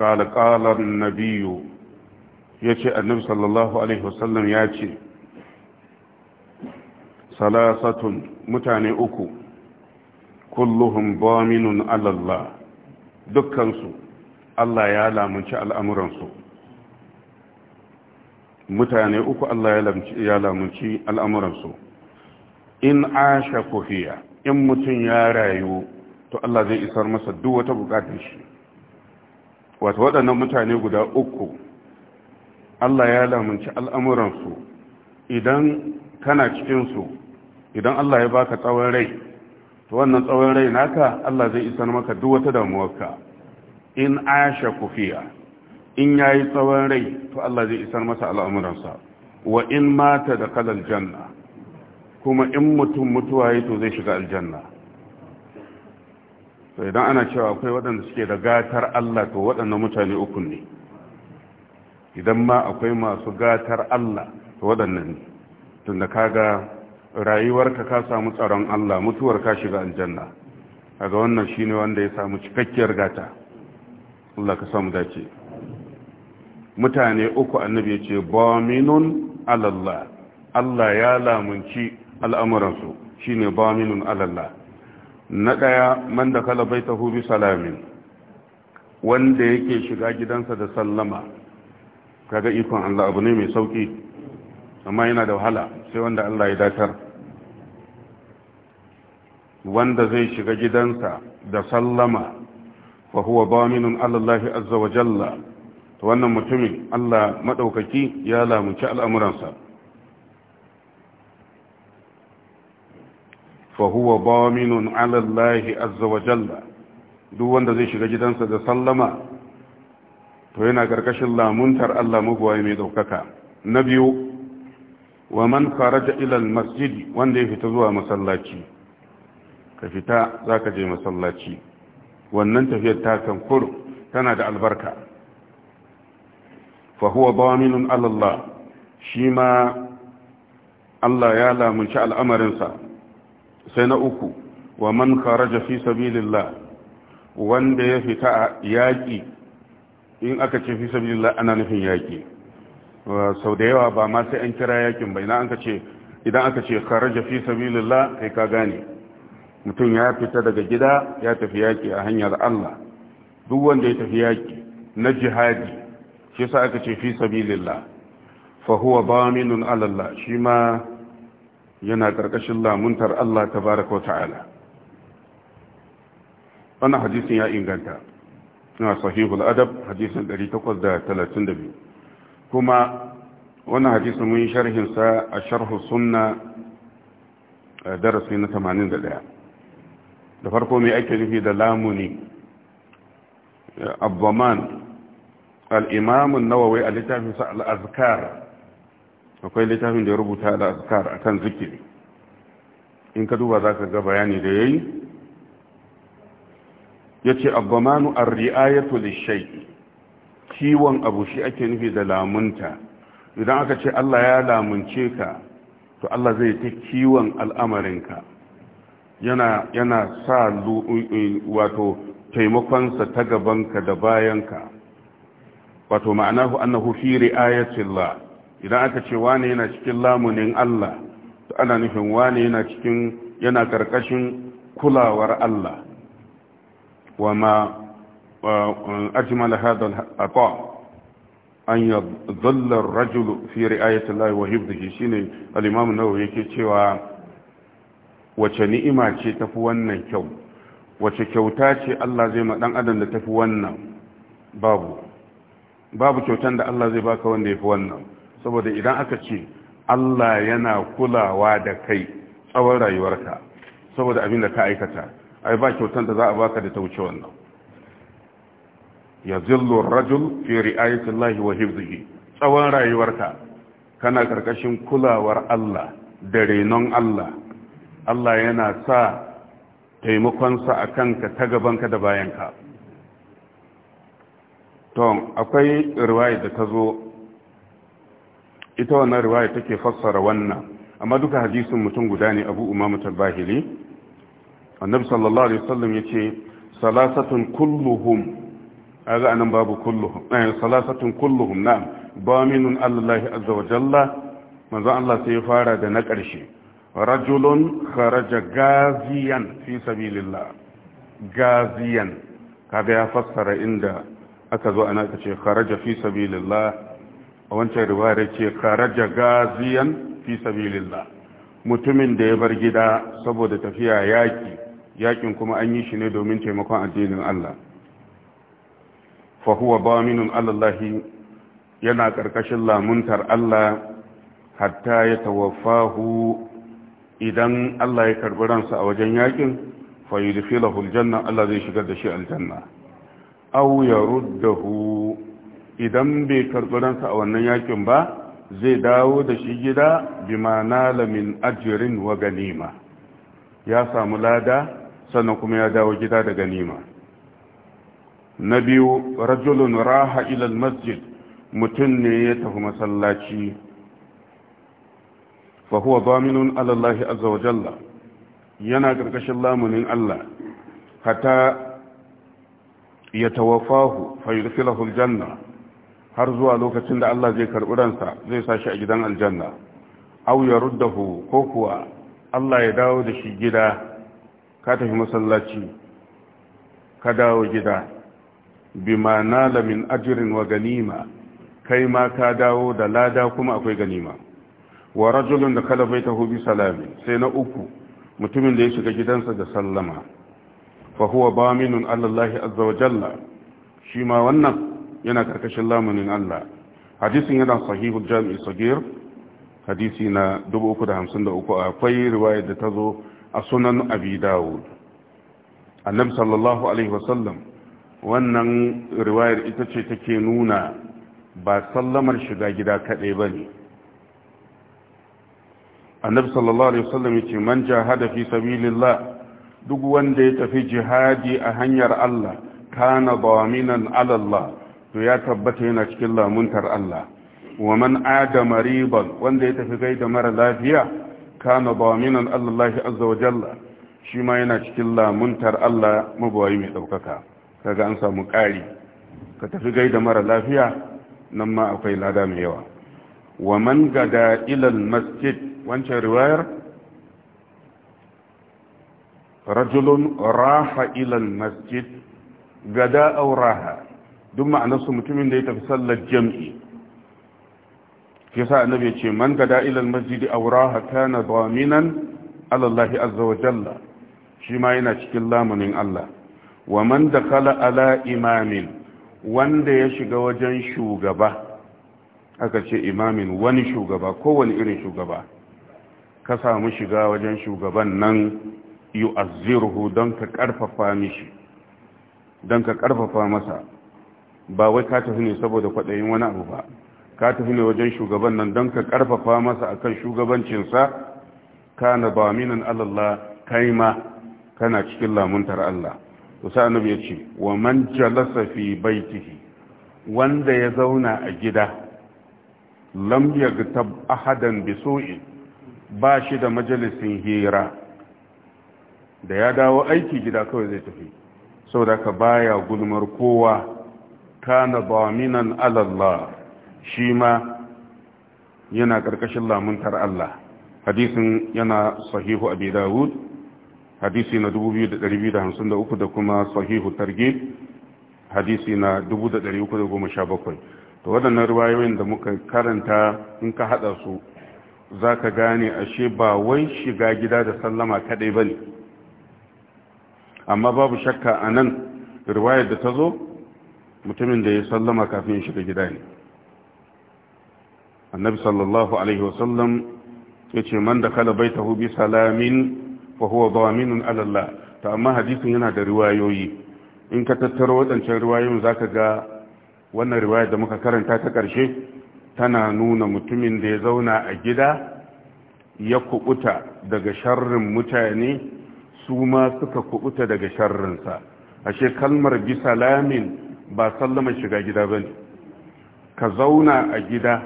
qala qala an-nabiy yace annabi sallallahu alaihi salasatun mutane uku kulluhum baminun alallah dukkansu Allah ya lamunci al'amuransu mutane uku Allah ya lamunci al'amuransu in asha kufiya in mutum ya rayu to Allah zai isar masa duk wata bukatar shi wata waɗannan mutane guda uku Allah ya lamunci al'amuransu idan kana cikinsu idan Allah ya baka tsawon rai to wannan tsawon rai naka Allah zai isar maka duk wata damuwarka in asha kufiya in yayi tsawon rai to Allah zai isar masa al'amuransa wa in mata da kalal janna kuma in mutum mutuwa yi to zai shiga aljanna to idan ana cewa akwai waɗanda suke da gatar Allah to waɗannan mutane uku ne idan ma akwai masu gatar Allah to waɗannan ne tunda kaga rayuwarka ka samu tsaron Allah mutuwar ka shiga aljanna kaga wannan shine wanda ya samu cikakkiyar gata Allah ka samu dace mutane uku annabi ya ce baminun alallah Allah ya lamunci al'amuransu shine baminun alallah na daya man da kala baitahu bi salamin wanda yake shiga gidansa da sallama kaga ikon Allah abu ne mai sauki amma yana da wahala sai wanda Allah ya datar wanda zai shiga gidansa da sallama fa huwa daminun alallahi azza wa jalla to wannan mutumin Allah madaukaki ya lamunci al'amuransa fa huwa daminun alallahi azza wa jalla duk wanda zai shiga gidansa da sallama to yana karkashin lamuntar Allah mabuwaye mai daukaka na biyu wa man faraja ilal masjidi wanda ya fita zuwa masallaci ka fita za ka je masallaci wannan tafiyar takan kur tana da albarka fahuwa baminun alallah shi ma Allah ya lamunci al'amarinsa sai na uku wa man kharaja fi sabilillah wanda ya fita a yaƙi in aka ce fi sabilillah ana nufin yaƙi sau da yawa ba ma sai an kira yakin ba idan aka ce karaja aka fi sabilillah kai ka gane mutum ya fita daga gida ya tafi yaki a hanyar Allah duk wanda ya tafi yaki na jihadi shi yasa aka ce fi sabilillah fa huwa daminun ala Allah shi ma yana karkashin lamuntar Allah tabaraka wa ta'ala wannan hadisin ya inganta na sahihul adab hadisin 832 kuma wannan hadisi mun yi sharhinsa a sharhu sunna darasi na 81 da farko mai ake nufi da lamuni al'imamin al'imamun nawawai a littafinsa al'azkar akwai littafin da ya rubuta al'azkar a kan zikiri in ka duba za ka ga bayani da ya yi ya ce abbamanu arri'ayatu lishai kiwon abu shi ake nufi da lamunta idan aka ce Allah ya lamunce ka to Allah zai ta kiwon al'amarinka yana yana sa eh, wato taimakonsa ta gabanka da bayanka wato ma'anahu annahu fi ri'ayatillah idan aka ce wane yana cikin lamunin Allah to ana nufin wane yana cikin yana karkashin kulawar Allah wa ma. أجمل هذا العطاء أن يظل الرجل في رعاية الله وحفظه شيني الإمام النووي yake cewa wace ni'ima ce tafi wannan kyau wace kyauta ce Allah zai ma dan adam da tafi wannan babu babu kyautan da Allah zai baka wanda ya fi wannan saboda idan aka ce Allah yana kulawa da kai tsawon rayuwarka saboda abin da ka aikata ai ba kyautan da za a baka da ta wuce wannan ya zillu rajul fi ri'ayatillahi wa hifzihi tsawon rayuwarka kana karkashin kulawar Allah da renon Allah Allah yana sa taimakonsa a kanka ta gabanka da bayanka ton akwai riwaya da ta zo ita wannan riwaya take fassara wannan amma duka hadisin mutum guda ne abu umamu talbahili annabi sallallahu alaihi wasallam yace salasatun kulluhum ga anan babu kulluhum salasatin eh, salasatun kulluhum na'am baminun Allah azza jalla manzo Allah sai ya fara da na karshe rajulun kharaja gaziyan fi sabilillah gaziyan kaga ya fassara inda aka zo a kace kharaja fi sabilillah a wancan riwaya ce kharaja gaziyan fi sabilillah mutumin da ya bar gida saboda tafiya yaƙi yakin kuma an yi shi ne domin taimakon addinin Allah fahuwa huwa baminun alallahi yana ƙarƙashin lamuntar Allah hatta ya tawaffahu idan Allah ya karbi ransa a wajen yakin fa yudkhilahu aljanna Allah zai shigar da shi aljanna aw yaruddahu idan bai karbi ransa a wannan yakin ba zai dawo da shi gida bima nala min ajrin wa ganima ya samu lada sannan kuma ya dawo gida da ganima na biyu rajulun raha ilal masjid mutum ne ya tafi masallaci fahuwa zaminun alallahi Jalla. yana ƙarƙashin lamunin Allah hata ya tawafahu fayurfilahu aljanna har zuwa lokacin da Allah zai karɓi ransa zai sa shi a gidan aljanna au ya ko kuwa Allah ya dawo da shi gida ka tafi masallaci ka dawo gida Bimana nala min ajrin wa ganima kai ma ka dawo da lada kuma akwai ganima wa rajulun da kala baitahu bi Salami, sai na uku mutumin da ya shiga gidansa da sallama fa huwa baminun allallahi azza wa jalla shi ma wannan yana karkashin lamunin Allah hadisin yana sahihul jami'i sagir hadisi na 353 akwai riwayar da ta zo a sunan abi dawud annabi sallallahu alaihi sallam. wannan riwayar ita ce take nuna ba sallamar shiga gida kaɗai ba ne annabi sallallahu alaihi wasallam ya ce man jahada fi sabilillah duk wanda ya tafi jihadi a hanyar Allah kana dawaminan ala Allah to ya tabbata yana cikin lamuntar Allah wa man adama riban wanda ya tafi gaida mara lafiya kana dawaminan Allah azza wa jalla shi ma yana cikin lamuntar Allah mabawayi mai daukaka kaga an samu ƙari ka tafi gaida mara lafiya nan ma akwai lada mai yawa wa man gada ilal masjid wancan riwayar rajulun raha ilal masjid gada au raha duk ma'anarsu mutumin da ya tafi sallar jam'i Kisa annabi ya ce man gada ilal masjid au raha kana zaminan alallahi azza wa jalla shi ma yana cikin lamunin Allah wa man kala ala imamin wanda ya shiga wajen shugaba aka ce imamin wani shugaba kowane irin shugaba ka samu shiga wajen shugaban nan yu'azzirhu don ka karfafa mishi don ka karfafa masa ba wai ka tafi ne saboda kwaɗayin wani abu ba ka tafi ne wajen shugaban nan don ka karfafa masa akan shugabancinsa kana ba minan kai ma kana cikin lamuntar Allah kusa annabi ya ce wa man jalasa fi baitihi wanda ya zauna a gida lam yagtab ahadan bi su'in ba shi da majalisin hira da ya dawo aiki gida kawai zai tafi saboda ka baya gulmar kowa kana daminan ala Allah shi ma yana karkashin lamuntar Allah hadisin yana sahihu abi dawud hadisi na 2253 da kuma sahihu targhib hadisi na 2317 to waɗannan ruwayoyin da muka karanta in ka haɗa su za ka gane ashe ba wai shiga gida da sallama kaɗai ba ne amma babu shakka a nan riwayar da ta zo mutumin da ya sallama kafin ya shiga gida ne annabi sallallahu alaihi wasallam ya ce man da kala ta bi salamin fa huwa dhaminun ala Allah to amma hadisin yana da riwayoyi in ka tattaro wadancan riwayoyin zaka ga wannan riwaya da muka karanta ta karshe tana nuna mutumin da ya zauna a gida ya kubuta daga sharrin mutane su ma suka kubuta daga sharrinsa ashe kalmar bi salamin ba sallama shiga gida bane ka zauna a gida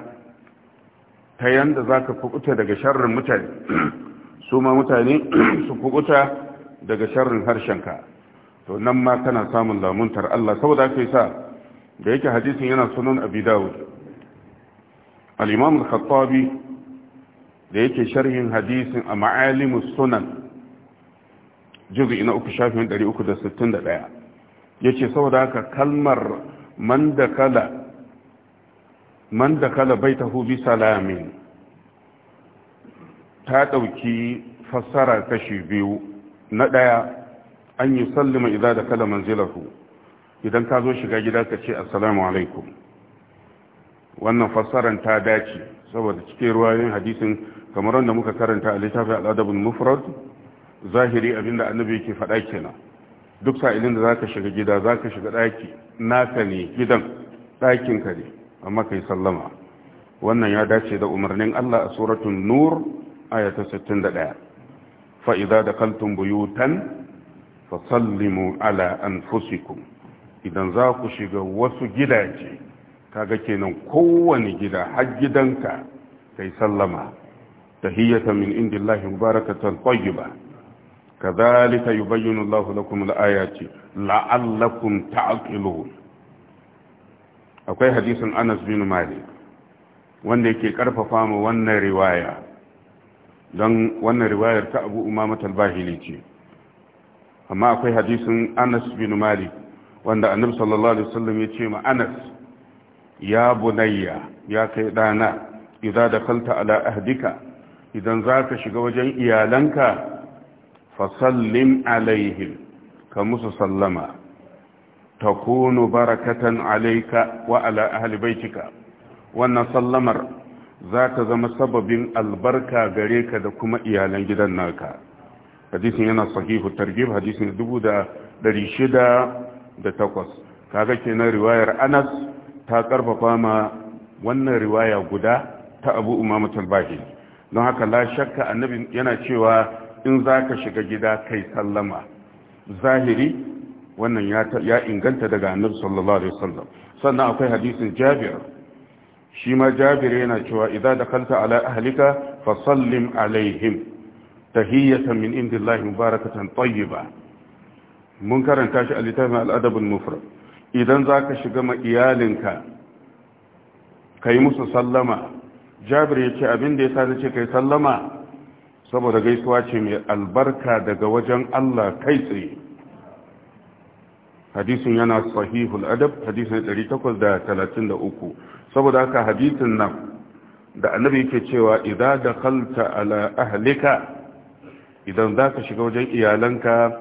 ta yanda zaka kubuta daga sharrin mutane su ma mutane su kukuta daga sharrin harshenka to nan ma kana samun lamuntar Allah saboda kai sa da yake hadisin yana sunan abi dawud al-imam al-khattabi da yake sharhin hadisin a ma'alimus sunan juz'i ina uku shafin 361 yace saboda haka kalmar man dakala man dakala baitahu bi salamin ta ɗauki fassara kashi biyu na ɗaya an yi sallama idan da kala manzilahu idan ka zo shiga gida ka ce assalamu alaikum wannan fassaran ta dace saboda cikin ruwayoyin hadisin kamar wanda muka karanta a littafin al'adabin mufrad zahiri abinda annabi yake faɗa kenan duk sa'ilin da za ka shiga gida za ka shiga ɗaki naka ne gidan ɗakinka ne amma ka yi sallama wannan ya dace da umarnin allah a suratun nur aya ta da ɗaya. 61 fa idza dakaltum buyutan fasallimu ala anfusikum idan za ku shiga wasu gidaje kaga kenan kowane gida har gidanka kai sallama tahiyatan min indillahi mubarakatan tayyiba كذلك يبين الله لكم الآيات لعلكم تعقلون akwai hadisin Anas bin Malik wanda yake karfafa mu wannan riwaya don wannan riwayar ta abu umama talbahili ce amma akwai hadisin anas bin malik wanda annabi sallallahu alaihi wasallam ya ce ma anas ya bunayya ya kai dana idan dakalta ala ahdika idan zaka shiga wajen iyalanka fasallim alaihim ka musu sallama takunu barakatan alayka wa ala ahli baitika wannan sallamar za ta zama sababin albarka gare ka da kuma iyalan gidan naka hadisin yana sahihu targib hadisin 608 kaga kenan riwayar Anas ta karfafa ma wannan riwaya guda ta Abu Umama al don haka la shakka annabi yana cewa in zaka shiga gida kai sallama zahiri wannan ya inganta daga annabi sallallahu alaihi wasallam sannan akwai hadisin Jabir shi ma jabir yana cewa idza dakalta ala ahlika fa sallim alaihim tahiyatan min indillahi mubarakatan tayyiba mun karanta shi a littafin al mufrad idan zaka shiga ma iyalinka kai musu sallama jabir yace abin da yasa nace kai sallama saboda gaisuwa ce mai albarka daga wajen Allah kai tsaye hadisin yana sahihul adab hadisin 833 saboda haka hadisin nan da annabi yake cewa idan da kalta ala ahlika idan za ka shiga wajen iyalanka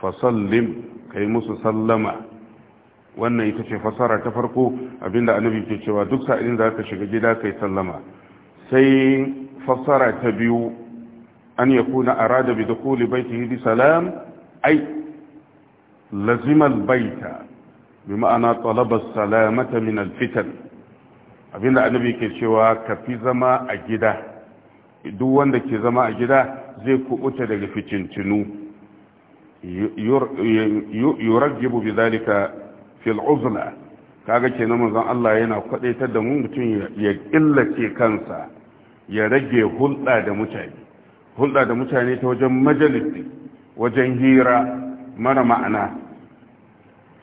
fasallim ka yi musu sallama wannan ita ce fasara ta farko abinda annabi ke cewa duk sa'ilin za ka shiga gida ka yi sallama sai fasara ta biyu an ya kuna arada bi da kuli baiti hidi salam ai lazimal baita bi ma'ana talabar salamata min alfitan abinda annabi ke cewa ka fi zama a gida duk wanda ke zama a gida zai kubuta daga fitintinu yurajibu bi zalika fil uzla kaga kenan manzon Allah yana kwadaitar da mun mutum ya killace kansa ya rage hulɗa da mutane hulɗa da mutane ta wajen majalisi wajen hira mara ma'ana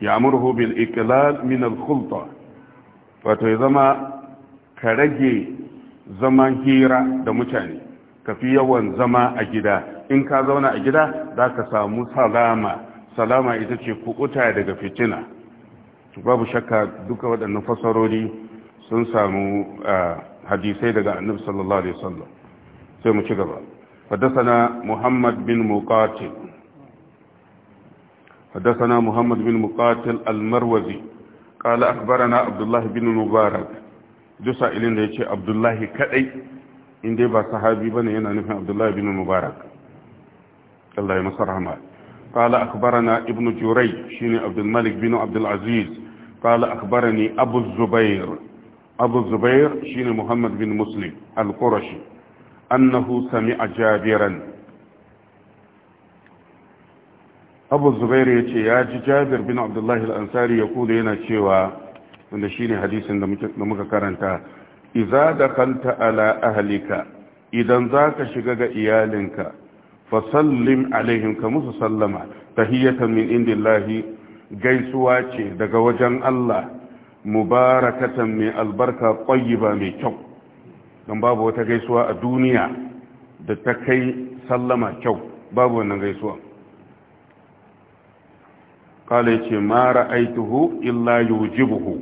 ya murhu bil iqlal min al khulta wato ya zama ka rage zaman hira da mutane ka fi yawan zama a gida in ka zauna a gida za ka samu salama salama ita ce kukuta daga fitina babu shakka duka waɗannan fasarori sun samu hadisai daga annabi sallallahu alaihi wasallam sai mu ci gaba fadasana muhammad bin مقاتل حدثنا محمد بن مقاتل المروزي قال أخبرنا عبد الله بن مبارك جسا إلين ليش عبد الله كأي إن ديبا صحابي بني أنا نفهم عبد الله بن مبارك الله يمسر رحمه قال أخبرنا ابن جريج شيني عبد الملك بن عبد العزيز قال أخبرني أبو الزبير أبو الزبير شيني محمد بن مسلم القرشي أنه سمع جابرا abu zubairu ya ce ya ji jabir bin abdullahi al'ansari ya kuda yana cewa wanda shi ne hadisin da muka karanta iza da kanta ala ahalika idan za ka shiga ga iyalinka fasallim alaihim ka musu sallama tahiyatan min indillahi gaisuwa ce daga wajen Allah mubarakatan mai albarka ƙwayiba mai kyau don babu wata gaisuwa a duniya da ta kai sallama kyau babu wannan gaisuwa kala yace ma tuhu illa yujibuhu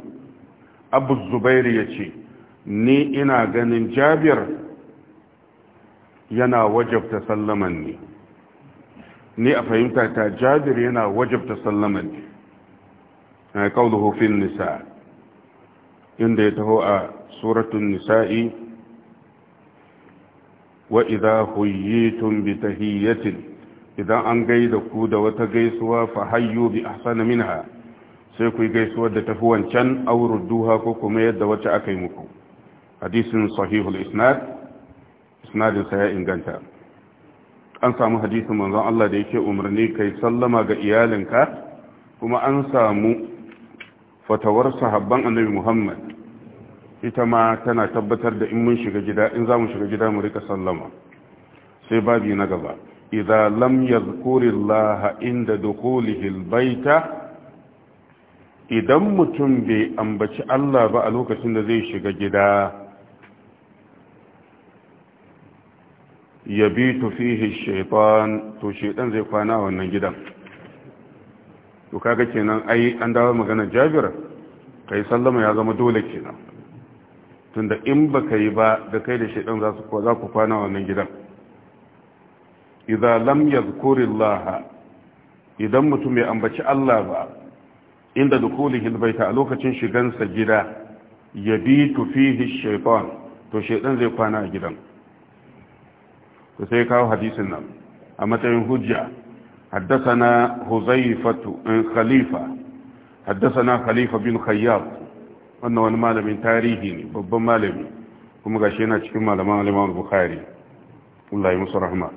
abu zubair yace ni ina ganin jabir yana wajabta sallaman ni. ni a fahimta ta jabir yana wajabta sallaman ne na kauluhu fil nisa inda ya taho a suratun nisa'i wa idha huyyitum bi tahiyyatin idan an gaida ku da wata gaisuwa fa hayyu bi ahsana minha sai ku gaisuwar da tafi wancan aw duha ko kuma yadda wacce aka yi muku hadisin sahihul isnad isnadin sa ya inganta an samu hadisin manzon Allah da yake umarni kai sallama ga iyalinka kuma an samu fatawar sahabban annabi Muhammad ita ma tana tabbatar da in mun shiga gida in za mu shiga gida mu rika sallama sai babi na gaba idza lam yadhkurillaha inda dukhulihil baita idan mutum bai ambaci Allah ba a lokacin da zai shiga gida bi fihi shaytan to shaytan zai kwana a wannan gidan to kaga kenan ai an dawo magana Jabir kai sallama ya zama dole kenan tunda in baka yi ba da kai da shaytan za ku kwana a wannan gidan idza lam idan mutum ya ambaci Allah ba inda dukulihil hilbaita a lokacin shigansa gida ya bi fihi shaytan to shaidan zai kwana a gidan to sai kawo hadisin nan a matsayin hujja حدثنا هزيفة خليفة حدثنا khalifa bin خياط wannan wani malamin tarihi ne babban malami kuma gashi yana cikin malaman alimawan bukhari Allah yi musu rahama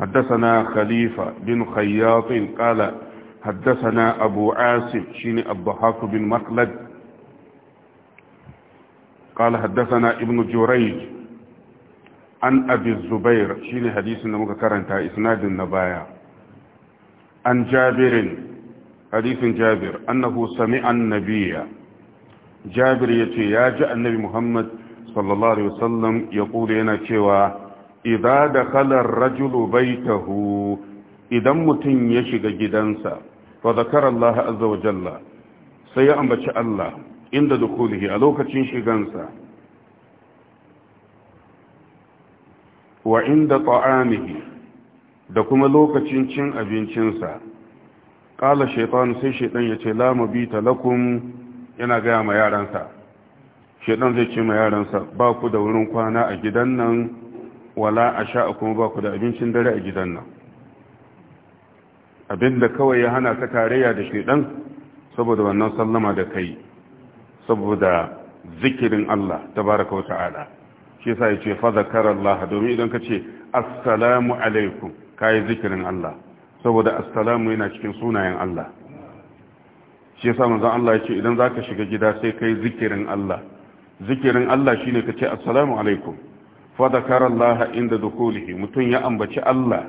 حدثنا خليفة بن خياط قال حدثنا أبو عاصم شين الضحاك بن مخلد قال حدثنا ابن جريج عن أبي الزبير شين حديث نمك كرنتا إسناد النبايا عن جابر حديث جابر أنه سمع النبي جابر يتي يا جاء النبي محمد صلى الله عليه وسلم يقول لنا كيوا idza dakhala ar-rajulu baytahu idan mutum ya shiga gidansa fa zakara Allah azza wa jalla sai ya ambaci Allah inda dukulihi a lokacin shigansa wa inda ta'amihi da kuma lokacin cin abincinsa ƙala shaitan sai shaitan ya ce lamabi talakum yana gaya ma yaransa shaitan zai ce ma yaransa ba ku da wurin kwana a gidan nan wala a sha'a kuma ba ku da abincin dare a gidan nan abinda kawai ya hana ka tarayya da shaidan saboda wannan sallama da kai saboda zikirin Allah tabaraka wa ta'ala shi yasa yace fa zakarallah domin idan ka ce assalamu alaikum kai zikirin Allah saboda assalamu yana cikin sunayen Allah shi yasa manzon Allah yace idan zaka shiga gida sai kai zikirin Allah zikirin Allah shine kace assalamu alaikum fa zakara Allah inda dukulihi mutun ya ambaci Allah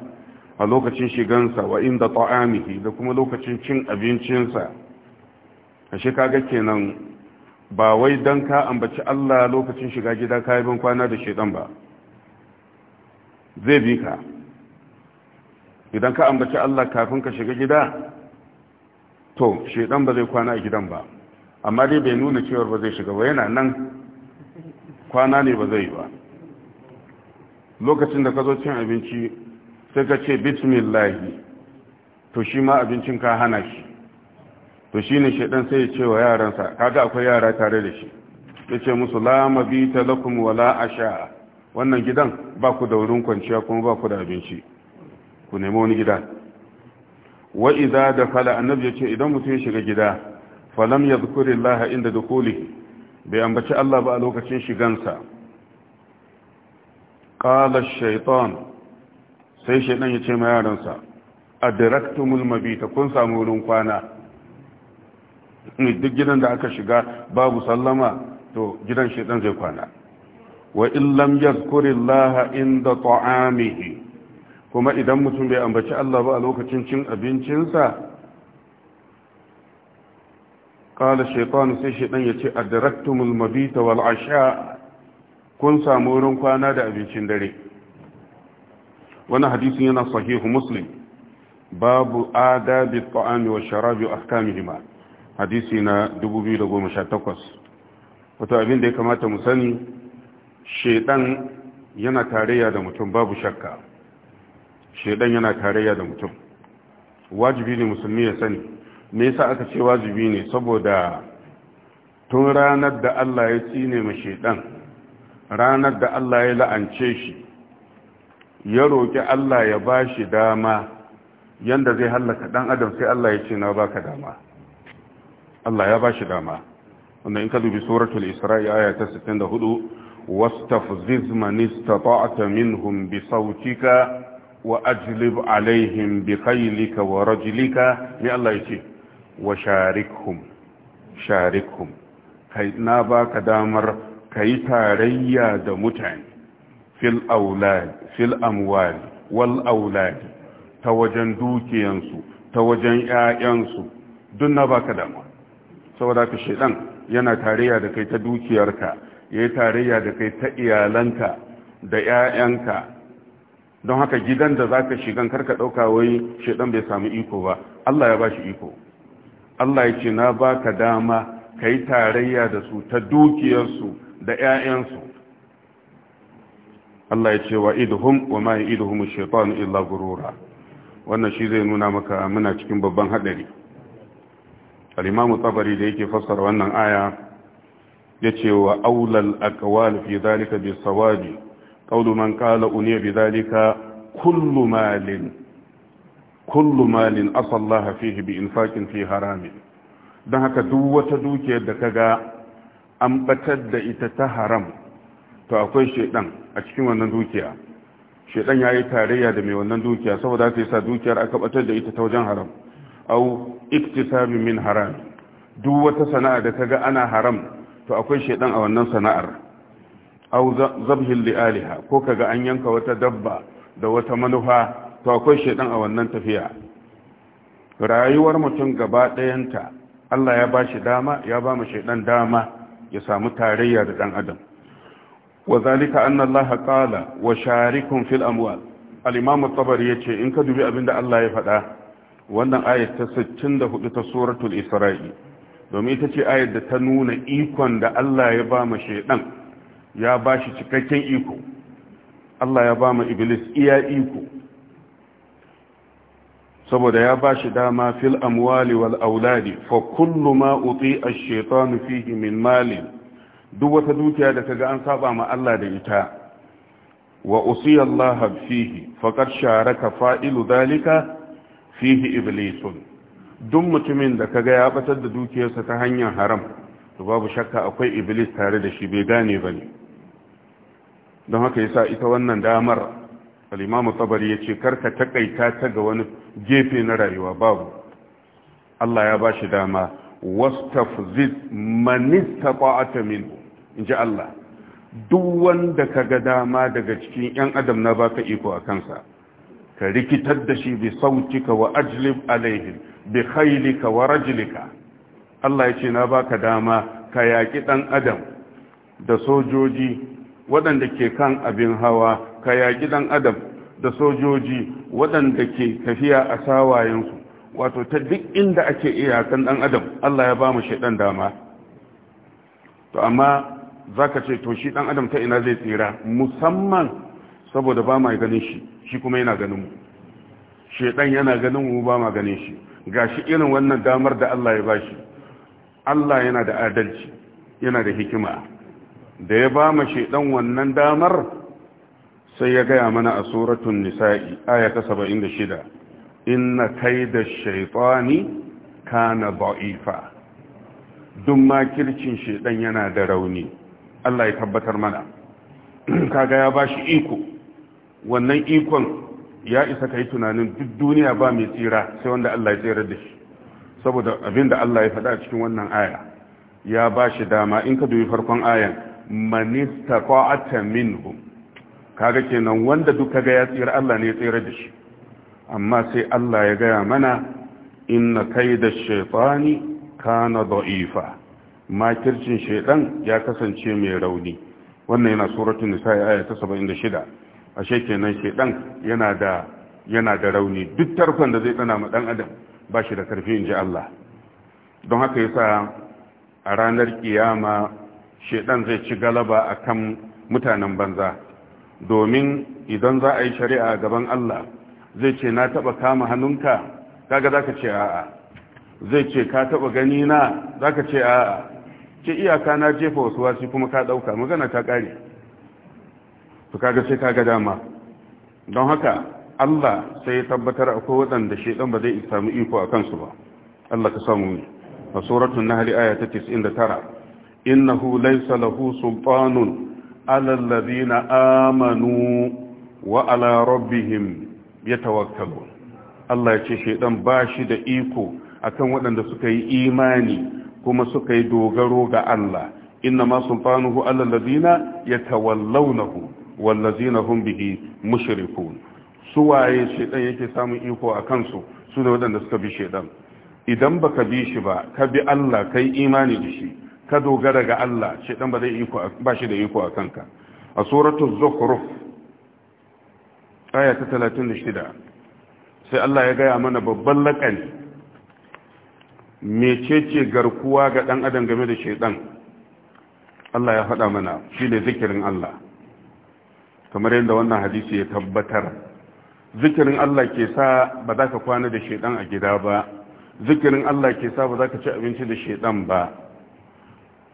a lokacin shigansa wa inda ta'amihi da kuma lokacin cin abincinsa ashe kaga kenan ba wai dan ka ambaci Allah lokacin shiga gida ka yi ban kwana da shedan ba zai bi ka idan ka ambaci Allah kafin ka shiga gida to shedan ba zai kwana a gidan ba amma dai bai nuna cewar ba zai shiga ba yana nan kwana ne ba zai yi ba lokacin da ka zo cin abinci sai ka ce bismillahi to shi ma abincin ka hana shi to shi ne shaidan sai ya ce wa yaransa kaga akwai yara tare da shi ya ce musu la talakun lakum wala asha wannan gidan ba ku da wurin kwanciya kuma ba ku da abinci ku nemi wani gida wa da Kala annabi ya ce idan mutum ya shiga gida falam yadhkurillaha inda dukulihi bai ambaci Allah ba a lokacin shigansa ƙalar shaitan sai shaitan ya ce ma yaransa a mulmabi mabita kun samu wurin kwana duk gidan da aka shiga babu sallama to gidan shaitan zai kwana wa illam yazkurillaha inda ta'amihi kuma idan mutum bai ambaci Allah ba a lokacin cin abincinsa sai-sai shaitan ya ce a يتي mulmabi ta والعشاء kun samu wurin kwana da abincin dare wani hadisin yana sahihu muslim babu adabi ta'ami wa sharabi wa ahkamihima hadisi na 2018 wato abin da ya kamata mu sani shedan yana tarayya da mutum babu shakka shedan yana tarayya da mutum wajibi ne musulmi ya sani me yasa aka ce wajibi ne saboda tun ranar da Allah ya tsine ma shedan ranar da Allah ya la'ance shi ya roƙi Allah ya ba shi dama yanda zai hallaka ɗan adam sai Allah ya ce na ba ka dama Allah ya ba shi dama wanda in ka dubi suratul isra'i aya ta 64 wastafziz man istata'ta minhum bi sautika wa ajlib alaihim bi khaylika wa rajlika ni Allah ya ce wa sharikhum sharikhum kai na ba ka damar ka yi tarayya da mutane fil amwali wal auladi ta wajen dukiyansu ta wajen 'ya'yansu duk na baka dama saboda ka shaidan yana tarayya da kai ta dukiyarka ya yi tarayya da kai ta iyalanka da 'ya'yanka don haka gidan da za ka shigan karka ɗauka wai shaidan bai samu iko ba allah ya ba shi iko allah ya ce na baka dama ka yi tarayya da su ta dukiyarsu da 'ya'yansu Allah ya ce wa idhum wa ma idhum ash-shaytan illa gurura wannan shi zai nuna maka muna cikin babban hadari al-imamu tabari da yake fassara wannan aya yace wa aulal aqwal fi dhalika bis-sawabi qawlu man qala uniya bi dhalika kullu malin kullu malin asallaha fihi bi fi haramin dan haka duk wata dukiyar da kaga an batar da ita ta haram to akwai shedan a cikin wannan dukiya shedan ya yi tarayya da mai wannan dukiya saboda haka yasa dukiyar aka batar da ita ta wajen haram au iktisabi min haram duk wata sana'a da kaga ana haram to akwai shedan a wannan sana'ar au zabhil Aliha, ko kaga an yanka wata dabba da wata manufa to akwai shedan a wannan tafiya rayuwar mutum gaba ɗayanta Allah ya ba shi dama ya ba mu shedan dama ya samu tarayya da dan adam wa zalika anna allaha qala wa sharikum fil amwal al-imam at-tabari yace in ka dubi abinda Allah ya faɗa wannan ayat ta 64 ta suratul isra'i domin ita ce ayat da ta nuna ikon da Allah ya bama ma shedan ya ba shi cikakken iko Allah ya bama iblis iya iko saboda ya ba shi dama fil amwali wal auladi fa kullu ma uti ash-shaytan fihi min malin duk wata dukiya da kaga an saba ma Allah da ita wa usiya Allah fihi faqad sharaka fa'ilu dhalika fihi iblisun duk mutumin da kaga ya batar da dukiyarsa ta hanyar haram to babu shakka akwai iblis tare da shi bai gane bane don haka yasa ita wannan damar al'imamu tabari ya ce karka takaita ta ga wani gefe na rayuwa babu Allah ya ba shi dama zid manista ƙwa'ata in ji Allah duk wanda ka ga dama daga cikin ‘yan adam na baka iko a kansa ka rikitar da shi bi sautika wa ajlib alaihin, bi khailika wa rajlika Allah ya ce na baka dama ka yaƙi ɗan adam da sojoji waɗanda ke kan abin hawa ka yaƙi ɗan adam da sojoji waɗanda ke tafiya a sawayensu wato ta duk inda ake iyakan ɗan adam Allah ya ba mu shaidan dama to amma za ka ce to shi ɗan adam ta ina zai tsira musamman saboda ba ma ganin shi shi kuma yana ganin mu shaidan yana ganin mu ba ma ganin shi ga shi irin wannan damar da Allah ya ba shi Allah yana da adalci yana da hikima da ya ba mu shaidan wannan damar sai ya gaya mana a suratun nisa'i aya ta 76 inna kaida shaytani kana da'ifa duk kirkin shaidan yana da rauni Allah ya tabbatar mana kaga ya bashi iko wannan ikon ya isa kai tunanin duk duniya ba mai tsira sai wanda Allah ya tsira da shi saboda abinda Allah ya faɗa cikin wannan aya ya bashi dama in ka dubi farkon ayan manistaqata hu kaga kenan wanda duk kaga ya tsira Allah ne ya tsira da shi amma sai Allah ya gaya mana inna kaida shaitani kana da'ifa makircin shaiɗan ya kasance mai rauni wannan yana suratul nisa aya ta 76 ashe kenan shaitan yana da yana da rauni duk tarkon da zai tsana ma dan adam ba shi da karfi inji Allah don haka yasa a ranar kiyama shedan zai ci galaba a kan mutanen banza domin idan za a yi shari'a gaban Allah zai ce na taba kama hannunka kaga ka ce a'a zai ce ka taba gani na Za ka ce a'a ce iyaka na jefa wasu wasi kuma ka dauka magana ta kare to kaga sai kaga dama don haka Allah sai ya tabbatar akwai waɗanda shedan ba zai samu iko a kansu ba Allah ka samu ne a suratun nahari aya ta 99 إنه ليس له سلطان على الذين آمنوا وعلى ربهم يتوكلون الله يشي شيطان باشي da iko akan waɗanda suka yi imani kuma suka yi dogaro ga Allah inna ma sultanuhu ala alladhina yatawallawnahu wallazina hum bihi mushrikun suwaye shedan yake samun iko a kansu su da waɗanda suka bi shedan idan baka bi shi ba ka bi Allah kai imani da shi ka dogara ga Allah shaitan ba zai iko ba shi da iko a kanka a suratul zukhruf aya ta 36 sai Allah ya gaya mana babban lakani mecece garkuwa ga dan adam game da shaitan Allah ya faɗa mana shi ne zikirin Allah kamar yadda wannan hadisi ya tabbatar zikirin Allah ke sa ba za ka kwana da shaidan a gida ba zikirin Allah ke sa ba za ka ci abinci da shaiɗan ba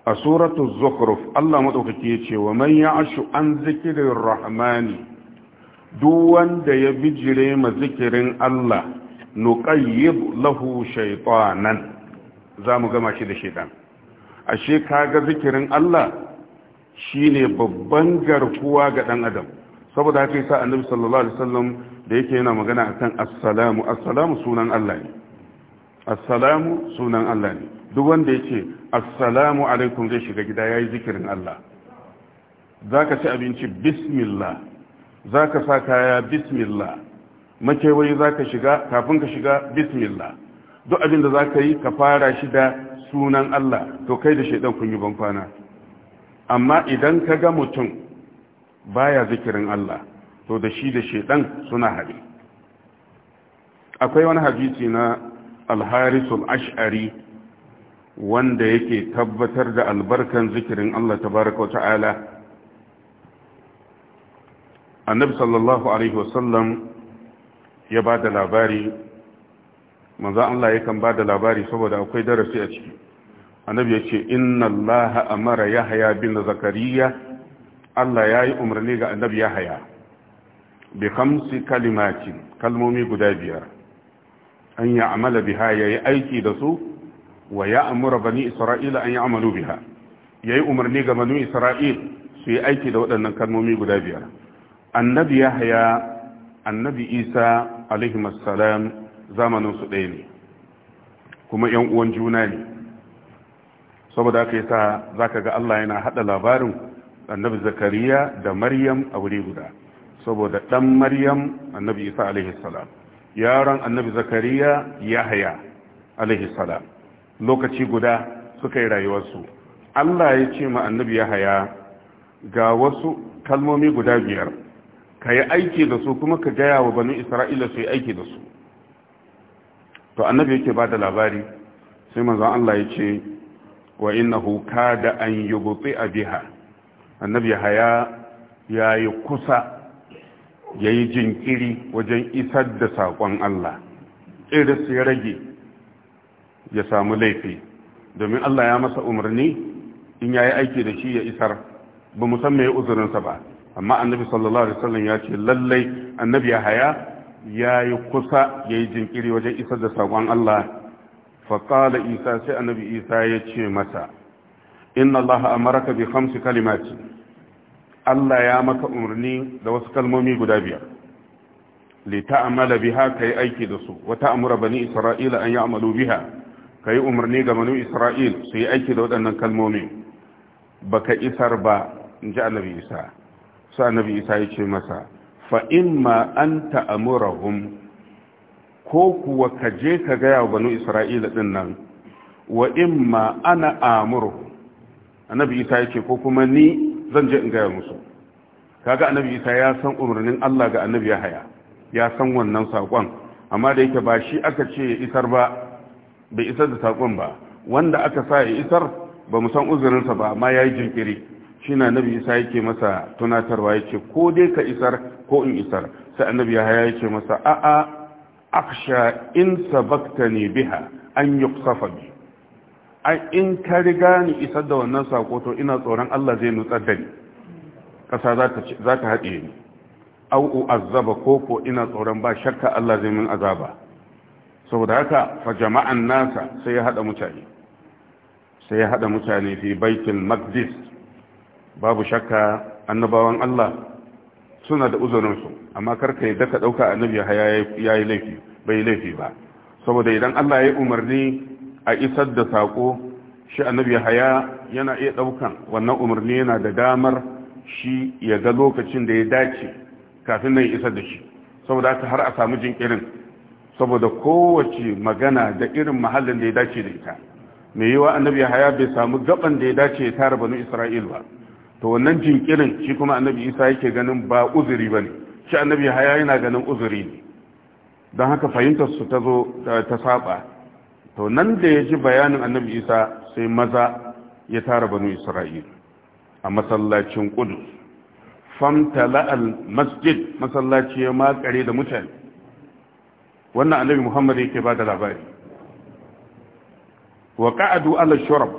a suratu zukruf Allah madaukaki yace wa man ya'shu an zikrir rahmani duk wanda ya bijire ma zikirin Allah nuqayyib lahu shaytanan zamu gama shi da shaytan ashe kaga zikirin Allah shine babban garkuwa ga dan adam saboda haka yasa annabi sallallahu alaihi wasallam da yake yana magana akan assalamu assalamu sunan Allah ne assalamu sunan Allah ne duk wanda yake assalamu alaikum zai shiga gida ya yi zikirin Allah za ka ci abinci bismillah za ka sa kaya bismillah makewayi za ka shiga kafin ka shiga bismillah duk abin da za ka yi ka fara shi da sunan Allah to kai da shaidan kun yi bankwana amma idan ka ga mutum baya zikirin Allah to da shi da shaidan suna hari akwai wani hadisi na alharisul ash'ari wanda yake tabbatar da albarkan zikirin Allah tabaraka wa ta'ala annabi sallallahu alaihi wasallam ya ba da labari manzo Allah yakan ba da labari saboda akwai darasi a ciki annabi ya ce inna Allah amara yahya bin zakariya Allah ya yi umarni ga annabi yahya bi khamsi kalimatin kalmomi guda biyar an ya amala biha yayi aiki da su wa ya amura bani isra'ila an ya'malu biha yayi umarni ga bani isra'il su yi aiki da waɗannan kalmomi guda biyar annabi yahya annabi isa alaihi assalam zamanin su ɗaya ne kuma yan uwan juna ne saboda haka yasa zaka ga Allah yana hada labarin annabi zakariya da maryam a wuri guda saboda dan maryam annabi isa alaihi salam yaron annabi zakariya yahya alaihi salam lokaci guda suka yi rayuwarsu Allah ya ce ma annabi ya haya ga wasu kalmomi guda biyar ka yi aiki da su kuma ka gaya wa banu isra'ila su yi aiki da su to annabi yake ba da labari sai manzon Allah ya ce wa huka da an yi a biha annabi ya haya ya yi kusa ya yi jinkiri wajen isar da saƙon Allah iris ya rage ya samu laifi domin Allah ya masa umarni in yayi aiki da shi ya isar ba mu san me uzurinsa ba amma annabi sallallahu alaihi wasallam ya ce lallai annabi ya haya yayi kusa yayi jinkiri wajen isar da sakon Allah fa isa sai annabi isa ya ce masa inna allaha amaraka bi hamsi kalimati Allah ya maka umarni da wasu kalmomi guda biyar li ta'mala biha kai aiki da su wa ta'muru bani isra'ila an ya'malu biha ka yi umarni ga manu isra'il su yi aiki da waɗannan kalmomi ba ka isar ba in ji annabi isa su annabi isa ya ce masa fa'in ma an hun ko kuwa ka je ka gaya wa banu isra'ila ɗin nan wa in ma ana amurahun annabi isa ya ce ko kuma ni zan je in gaya musu kaga annabi isa ya san umarnin allah ga annabi ya haya ya san wannan saƙon amma da yake ba shi aka ce ya isar ba bai isar da saƙon ba wanda aka sa ya isar ba mu san uzurinsa ba amma ya yi jinkiri shi na nabi isa yake masa tunatarwa ya ce ko dai ka isar ko in isar sai annabi ya haya yake masa a'a aksha in sabakta ne biha an yi kusafa bi ai in ka riga ni isar da wannan saƙo to ina tsoron allah zai nutsar da ni ƙasa za ta haɗe ni au azaba ko ko ina tsoron ba shakka allah zai min azaba saboda haka fa jama'an nasa sai ya hada mutane sai ya hada mutane fi baitul maqdis babu shakka annabawan Allah suna da uzurinsu amma karka yadda ka dauka annabi ya yi laifi bai laifi ba saboda idan Allah ya umarni a isar da sako shi annabi haya yana iya daukan wannan umarni yana da damar shi ya ga lokacin da ya dace kafin nan isar da shi saboda haka har a samu jinkirin saboda kowace magana da irin mahallin da ya dace da ita mai yiwa annabi haya bai samu gaban da ya dace ya tara banu isra'il ba to wannan jinkirin shi kuma annabi isa yake ganin ba uzuri ba ne shi annabi haya yana ganin uzuri ne don haka fahimtar su ta zo ta saba to nan da ya ji bayanin annabi isa sai maza ya tara banu isra'il a masallacin kudu famtala al masjid masallaci ya makare da mutane wannan annabi muhammad yake ba da labari wa qa'adu ala shurab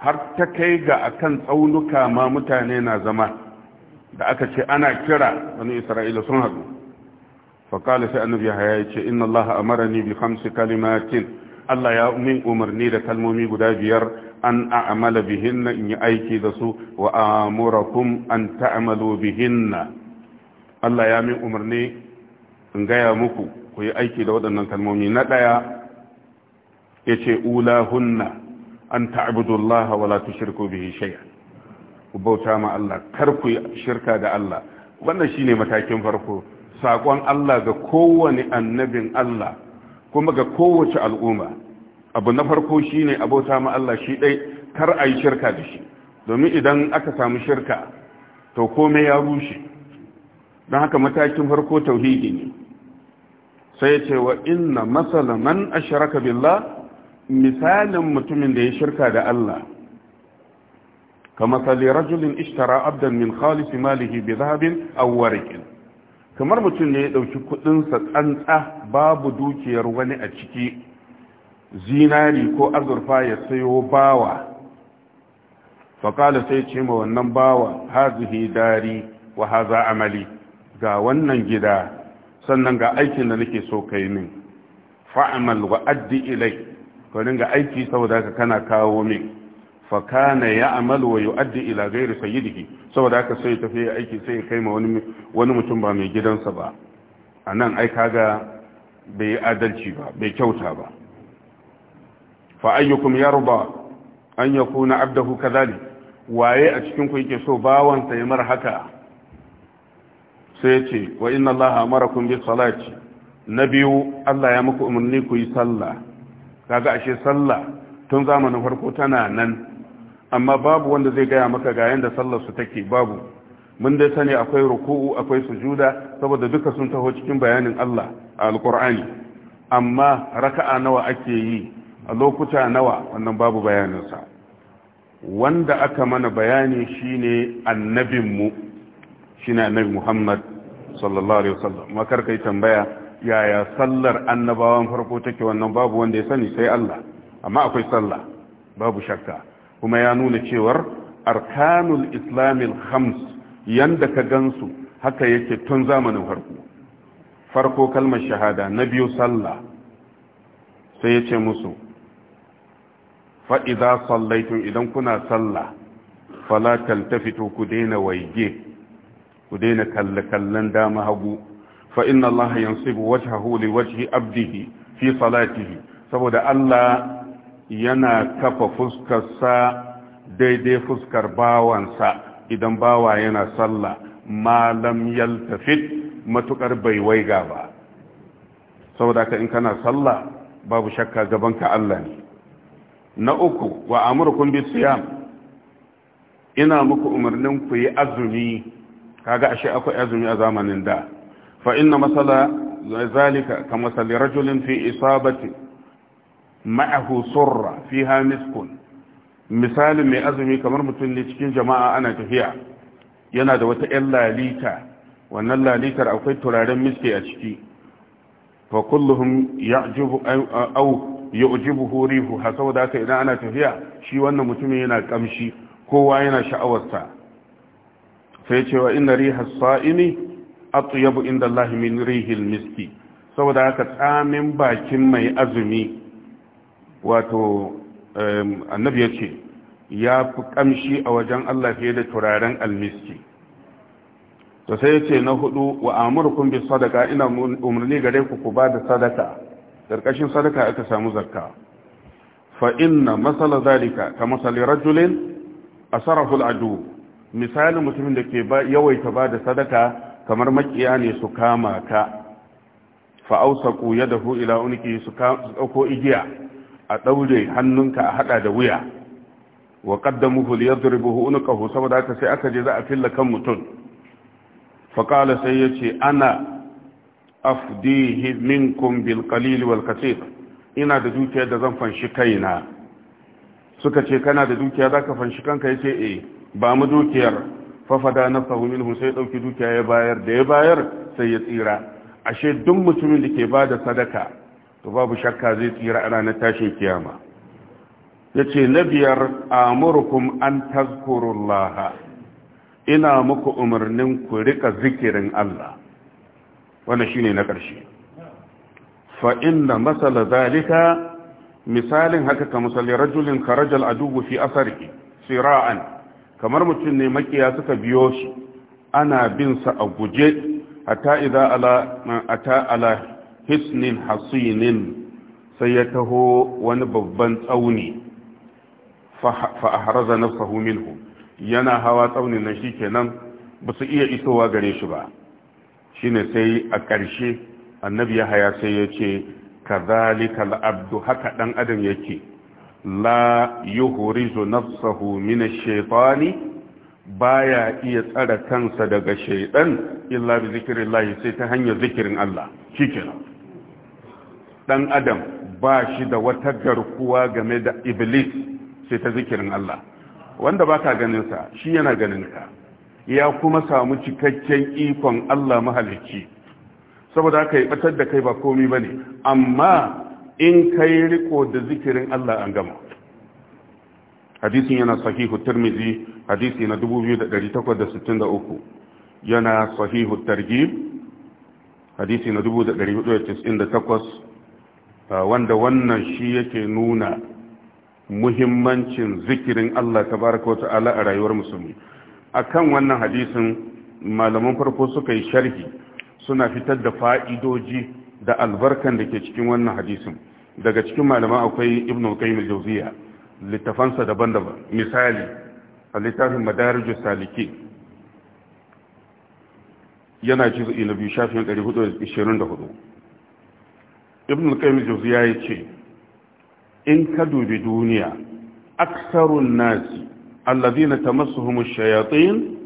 har ta kai ga akan tsaunuka ma mutane na zama da aka ce ana kira wani isra'ila sun haɗu faƙali sai annabi haya ya ce inna allaha amarani bi khamsi kalimatin allah ya min umarni da kalmomi guda biyar an a'mala bihinna in yi aiki da su wa amurakum an ta'malu bihinna allah ya min umarni in gaya muku ku yi aiki da waɗannan kalmomi na ɗaya ya ce hunna an ta'budullaha wala tushriku bihi shay'an ku bauta ma Allah kar ku shirka da Allah wannan shine matakin farko sakon Allah ga kowane annabin Allah kuma ga kowace al'umma abu na farko shine a bauta ma Allah shi dai kar a yi shirka da shi domin idan aka samu shirka to komai ya rushe don haka matakin farko tauhidi ne sai ce wa inna masala man ashraka billah misalin mutumin da ya shirka da Allah ka sali rajulin ishtara abdan min khalisi malihi bi zahabin aw kamar mutum ne ya ɗauki kudin sa tsantsa babu dukiyar wani a ciki zinari ko azurfa ya sayo bawa faƙala sai ce ma wannan bawa hazihi dari wa haza amali ga wannan gida sannan ga aikin da nake so kai min fa'amal wa addi ilai ka dinga aiki saboda ka kana kawo min fa kana ya'malu wa yu'addi ila ghairi sayyidihi saboda ka sai tafi aiki sai ya kai ma wani wani mutum ba mai gidansa ba anan ai kaga bai adalci ba bai kyauta ba fa ayyukum yarda an yakuna abdahu kadhalik waye a cikin ku yake so bawansa ya mar haka sai ya ce wa inna Allah kun bi salati na biyu Allah ya muku umarni ku yi sallah kaga ashe sallah tun zamanin farko tana nan amma babu wanda zai gaya maka ga yanda sallar su take babu mun dai sani akwai ruku'u akwai sujuda saboda duka sun taho cikin bayanin Allah a alqur'ani amma raka'a nawa ake yi a lokuta nawa wannan babu bayaninsa wanda aka mana bayani shine annabinmu shine annabi Muhammad sallallahu alaihi wasallam makar kai tambaya yaya sallar annabawan farko take wannan babu wanda ya sani sai Allah amma akwai sallah babu shakka kuma ya nuna cewar arkanul islamil khams yanda ka gansu haka yake tun zamanin farko farko kalmar shahada na biyu sallah sai ya ce musu fa'iza sallaitun idan kuna sallah fala taltafitu ku daina waige ku daina kalle-kallen dama hagu fa inna allaha yansibu wajhahu li wajhi abdihi fi salatihi saboda Allah yana kafa fuskarsa daidai fuskar bawansa idan bawa yana sallah malam yaltafit matukar bai waiga ba saboda ka in kana sallah babu shakka gabanka Allah ne na uku wa bi bisiyam ina muku umarnin ku yi azumi kaga ashe akwai azumi a zamanin da fa inna masala zalika ka masali rajulin fi isabati ma'ahu surra fiha miskun misalin mai azumi kamar mutum ne cikin jama'a ana tafiya yana da wata 'yan lalita wannan lalitar akwai turaren miski a ciki fa kulluhum ya'jubu aw yu'jibuhu rihuha saboda haka idan ana tafiya shi wannan mutumin yana kamshi kowa yana sha'awarsa sai cewa inna riha sa'imi atyabu inda Allah min rihil miski saboda haka tsamin bakin mai azumi wato annabi ya ce ya fi kamshi a wajen Allah fiye da turaren almiski to sai ya ce na hudu wa amurkun bi sadaka ina umarni gare ku ku ba da sadaka ƙarƙashin sadaka aka samu zakka fa inna masala zalika ka masali rajulin asarahu al'adu misalin mutumin da ke yawaita ba da sadaka kamar makiya ne su kama ka fa'ausaku ya dafu ila uniki su ɗauko igiya a ɗaure hannunka a haɗa da wuya wa ƙaddamu hul ya zurbuhu hu saboda haka sai aka je za a filla kan mutum faƙala sai ya ce ana afdihi minkum bil qalil wal ina da dukiya da zan fanshi kaina suka ce kana da dukiya zaka fanshi kanka yace eh ba mu dukiyar fafada na minhu sai ɗauki dukiya ya bayar da ya bayar sai ya tsira ashe duk mutumin da ke ba da sadaka to babu shakka zai tsira a ranar tashin kiyama ya ce na biyar amurkum an tazkurullah ina muku umarnin ku rika zikirin Allah wannan shine na ƙarshe fa inna masala zalika misalin haka ka misali rajulin a adubu fi asarihi sira'an kamar mutum ne makiya suka biyo shi ana bin sa a guje hatta idza ala ata ala hisnin hasinin sai ya taho wani babban tsauni fa ahraza nafsahu minhu yana hawa tsaunin nan shikenan ba su iya isowa gare shi ba shine sai a ƙarshe annabi ya haya sai ya ce kazalika al'abdu haka dan adam yake la yuhrizu nafsahu min ash-shaytani baya iya tsara kansa daga shaydan illa bi zikrillah sai ta hanyar zikirin Allah shikenan dan adam ba shi da wata garkuwa game da iblis sai ta zikirin Allah wanda bata ganin sa shi yana ganin ka ya kuma samu cikakken ikon Allah mahalicci saboda haka ya batar da kai ba komai bane amma in kai riko da zikirin Allah an gama hadisin yana sahihu tirmizi hadisi na 2863 yana sahihu targhib hadisi na 1498 ah, wanda wannan shi yake nuna muhimmancin zikirin Allah tabaraka ta'ala a rayuwar musulmi akan wannan hadisin malaman farko suka yi sharhi suna fitar da fa'idoji da albarkan da ke cikin wannan hadisin daga cikin malama akwai ibn qayyim al-jawziya littafansa daban-daban misali a littafin madarijus saliki yana cizo ina biyu shafin 424 ibn qayyim al-jawziya ce, in ka dubi duniya aksarun nasi alladhina tamassuhum ash-shayatin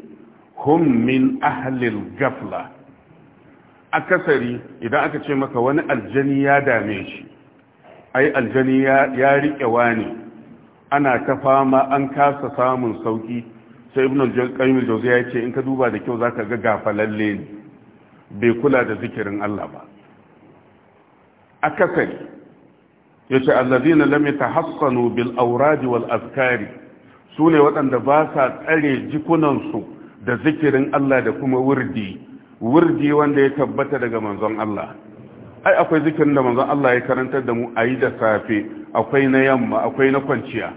hum min ahli al-ghafla akasari idan aka ce maka wani aljani ya dame shi ai aljani ya riƙe wani ana ta fama an kasa samun sauki sai ibn al-qayyim al-jawzi ya ce in ka duba da kyau zaka ga gafalalle ne bai kula da zikirin Allah ba akasari yace allazina lam yatahassanu bil awrad wal azkari sune waɗanda ba sa tsare jikunan su da zikirin Allah da kuma wurdi wurdi wanda ya tabbata daga manzon Allah ai akwai zikirin da manzon Allah ya karantar da mu ayi da safe akwai na yamma akwai na kwanciya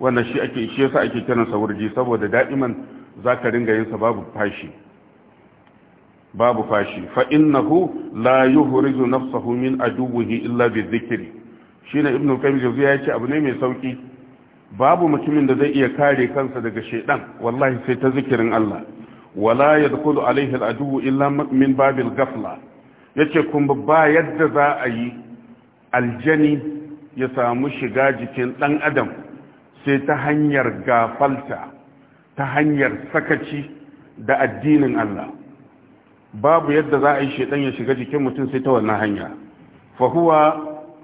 wannan shi ake shi yasa ake kiran sa wurji saboda da'iman zaka ringa yin sa babu fashi babu fashi fa innahu la yuhrizu nafsahu min adubihi illa bi dhikri shine ibnu qayyim jawziya yace abu ne mai sauki babu mutumin da zai iya kare kansa daga shedan wallahi sai ta zikirin Allah wala yadkhulu alaihi al illa min babil ghafla yace kuma ba yadda za a yi aljani ya samu shiga jikin ɗan adam sai ta hanyar gafalta ta hanyar sakaci da addinin Allah babu yadda za a yi shaidan ya shiga jikin mutum sai ta wannan hanya fa huwa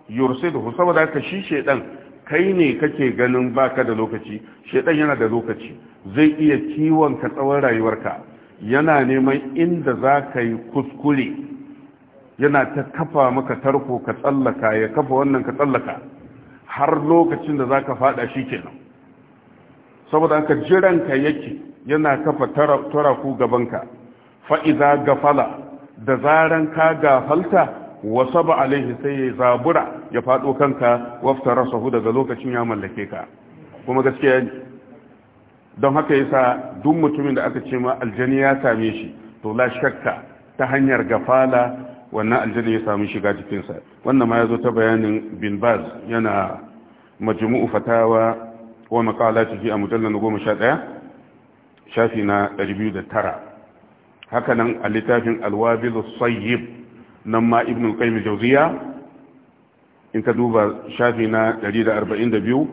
yursidu saboda ka shi shaidan kai ne kake ganin baka da lokaci shaidan yana da lokaci zai iya kiwon ka tsawon rayuwarka yana neman inda za ka yi kuskure yana ta kafa maka tarko ka tsallaka ya kafa wannan ka tsallaka har lokacin da za ka fada shi kenan saboda aka jiranka yake yana kafa taraku gabanka fa'iza gafala da zaran ka gafalta wasa ba alaihi sai ya zabura ya fado kanka wafta rasahu daga lokacin ya mallake ka kuma gaskiya ne don haka ya sa duk mutumin da aka ce ma aljani ya same shi to la shakka ta hanyar gafala wannan aljanna ya samu shiga jikinsa wannan ma ya zo ta bayanin bin baz yana majmu'u fatawa wa maqalatihi a mujallal 11 shafi na 209 haka nan a littafin alwabil sayyib nan ma ibn al-qayyim jawziya in ka duba shafi na 142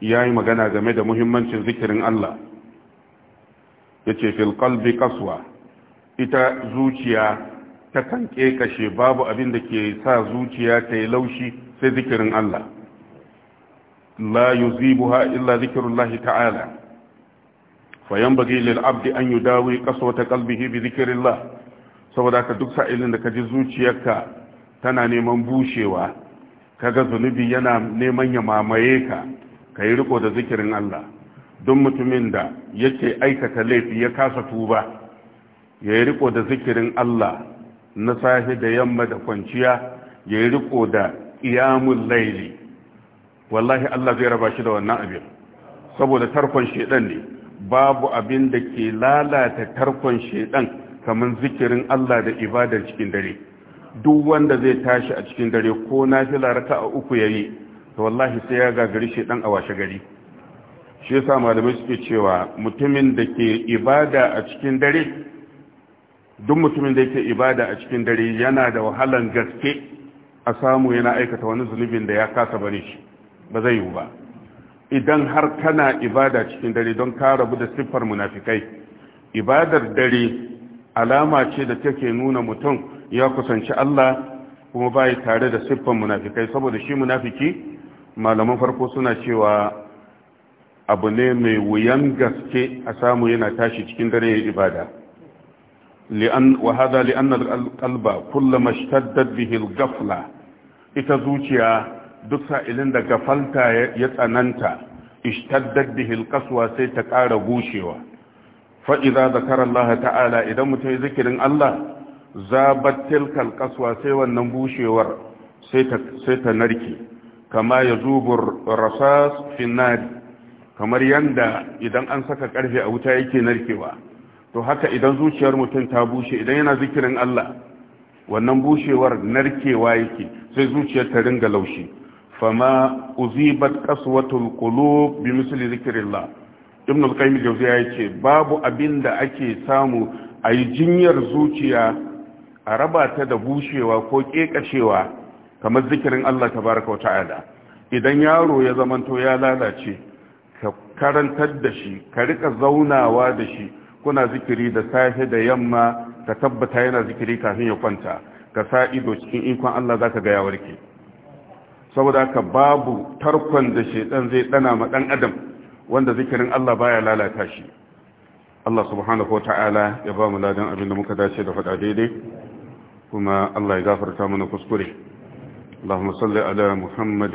yayi magana game da muhimmancin zikirin Allah yace fil qalbi qaswa ita zuciya ta kan kashe babu abin da ke sa zuciya ta yi laushi sai zikirin Allah la yuzibuha illa zikirullahi ta'ala yanbaghi lil abdi an yudawi qaswata qalbihi bi zikrillah saboda ka duk sa'ilin da ka ji zuciyarka tana neman bushewa kaga zunubi yana neman ya mamaye ka kai riko da zikirin Allah duk mutumin da yake aikata laifi ya kasa tuba ya riko da zikirin Allah na safe da yamma da kwanciya ya yi riko da iyamun laili wallahi Allah zai raba shi da wannan abin saboda tarkon shedan ne babu abin da ke lalata tarkon shedan kamar zikirin Allah da ibadar cikin dare duk wanda zai tashi a cikin dare ko na fi larata a uku yayi to wallahi sai ya gagari shedan a washe gari shi yasa malamai suke cewa mutumin da ke ibada a cikin dare duk mutumin da yake ibada a cikin dare yana da wahalan gaske a samu yana aikata wani zunubin da ya kasa bari shi ba zai yiwu ba idan har kana ibada cikin dare don ka rabu da siffar munafikai ibadar dare alama ce da take nuna mutum ya kusanci Allah kuma bai tare da siffar munafikai saboda shi munafiki malaman farko suna cewa abu ne mai wuyan gaske a samu yana tashi cikin dare ya ibada li'an li'anar hada li'an al-qalba ghafla ita zuciya duk sa'ilin da gafalta ya tsananta ishtaddat bihi al sai ta kara bushewa fa idza zakara Allah ta'ala idan mutum ya zikirin Allah zabat tilkal qaswa sai wannan bushewar sai ta sai narke kama yazubur rasas fi nari kamar yadda idan an saka ƙarfe a wuta yake narkewa to haka idan zuciyar mutum ta bushe idan yana zikirin Allah wannan bushewar narkewa yake sai zuciyar ta ringa laushi fama uzibat qaswatul qulub bi misli zikrillah ibn al-qayyim ya ce, babu abinda ake samu ayi jinyar zuciya a raba ta da bushewa ko ƙeƙashewa, kamar zikirin Allah tabaraka wa ta'ala idan yaro ya zamanto ya lalace ka karantar da shi ka rika zaunawa da shi kuna zikiri da safe da yamma ka tabbata yana zikiri kafin ya kwanta ka sa ido cikin ikon Allah zaka ga ya warke saboda haka babu tarkon da shedan zai dana ma dan adam wanda zikirin Allah baya lalata shi Allah subhanahu wataala ya ba mu ladan abin da muka dace da faɗa daidai kuma Allah ya gafarta mana kuskure اللهم صل على محمد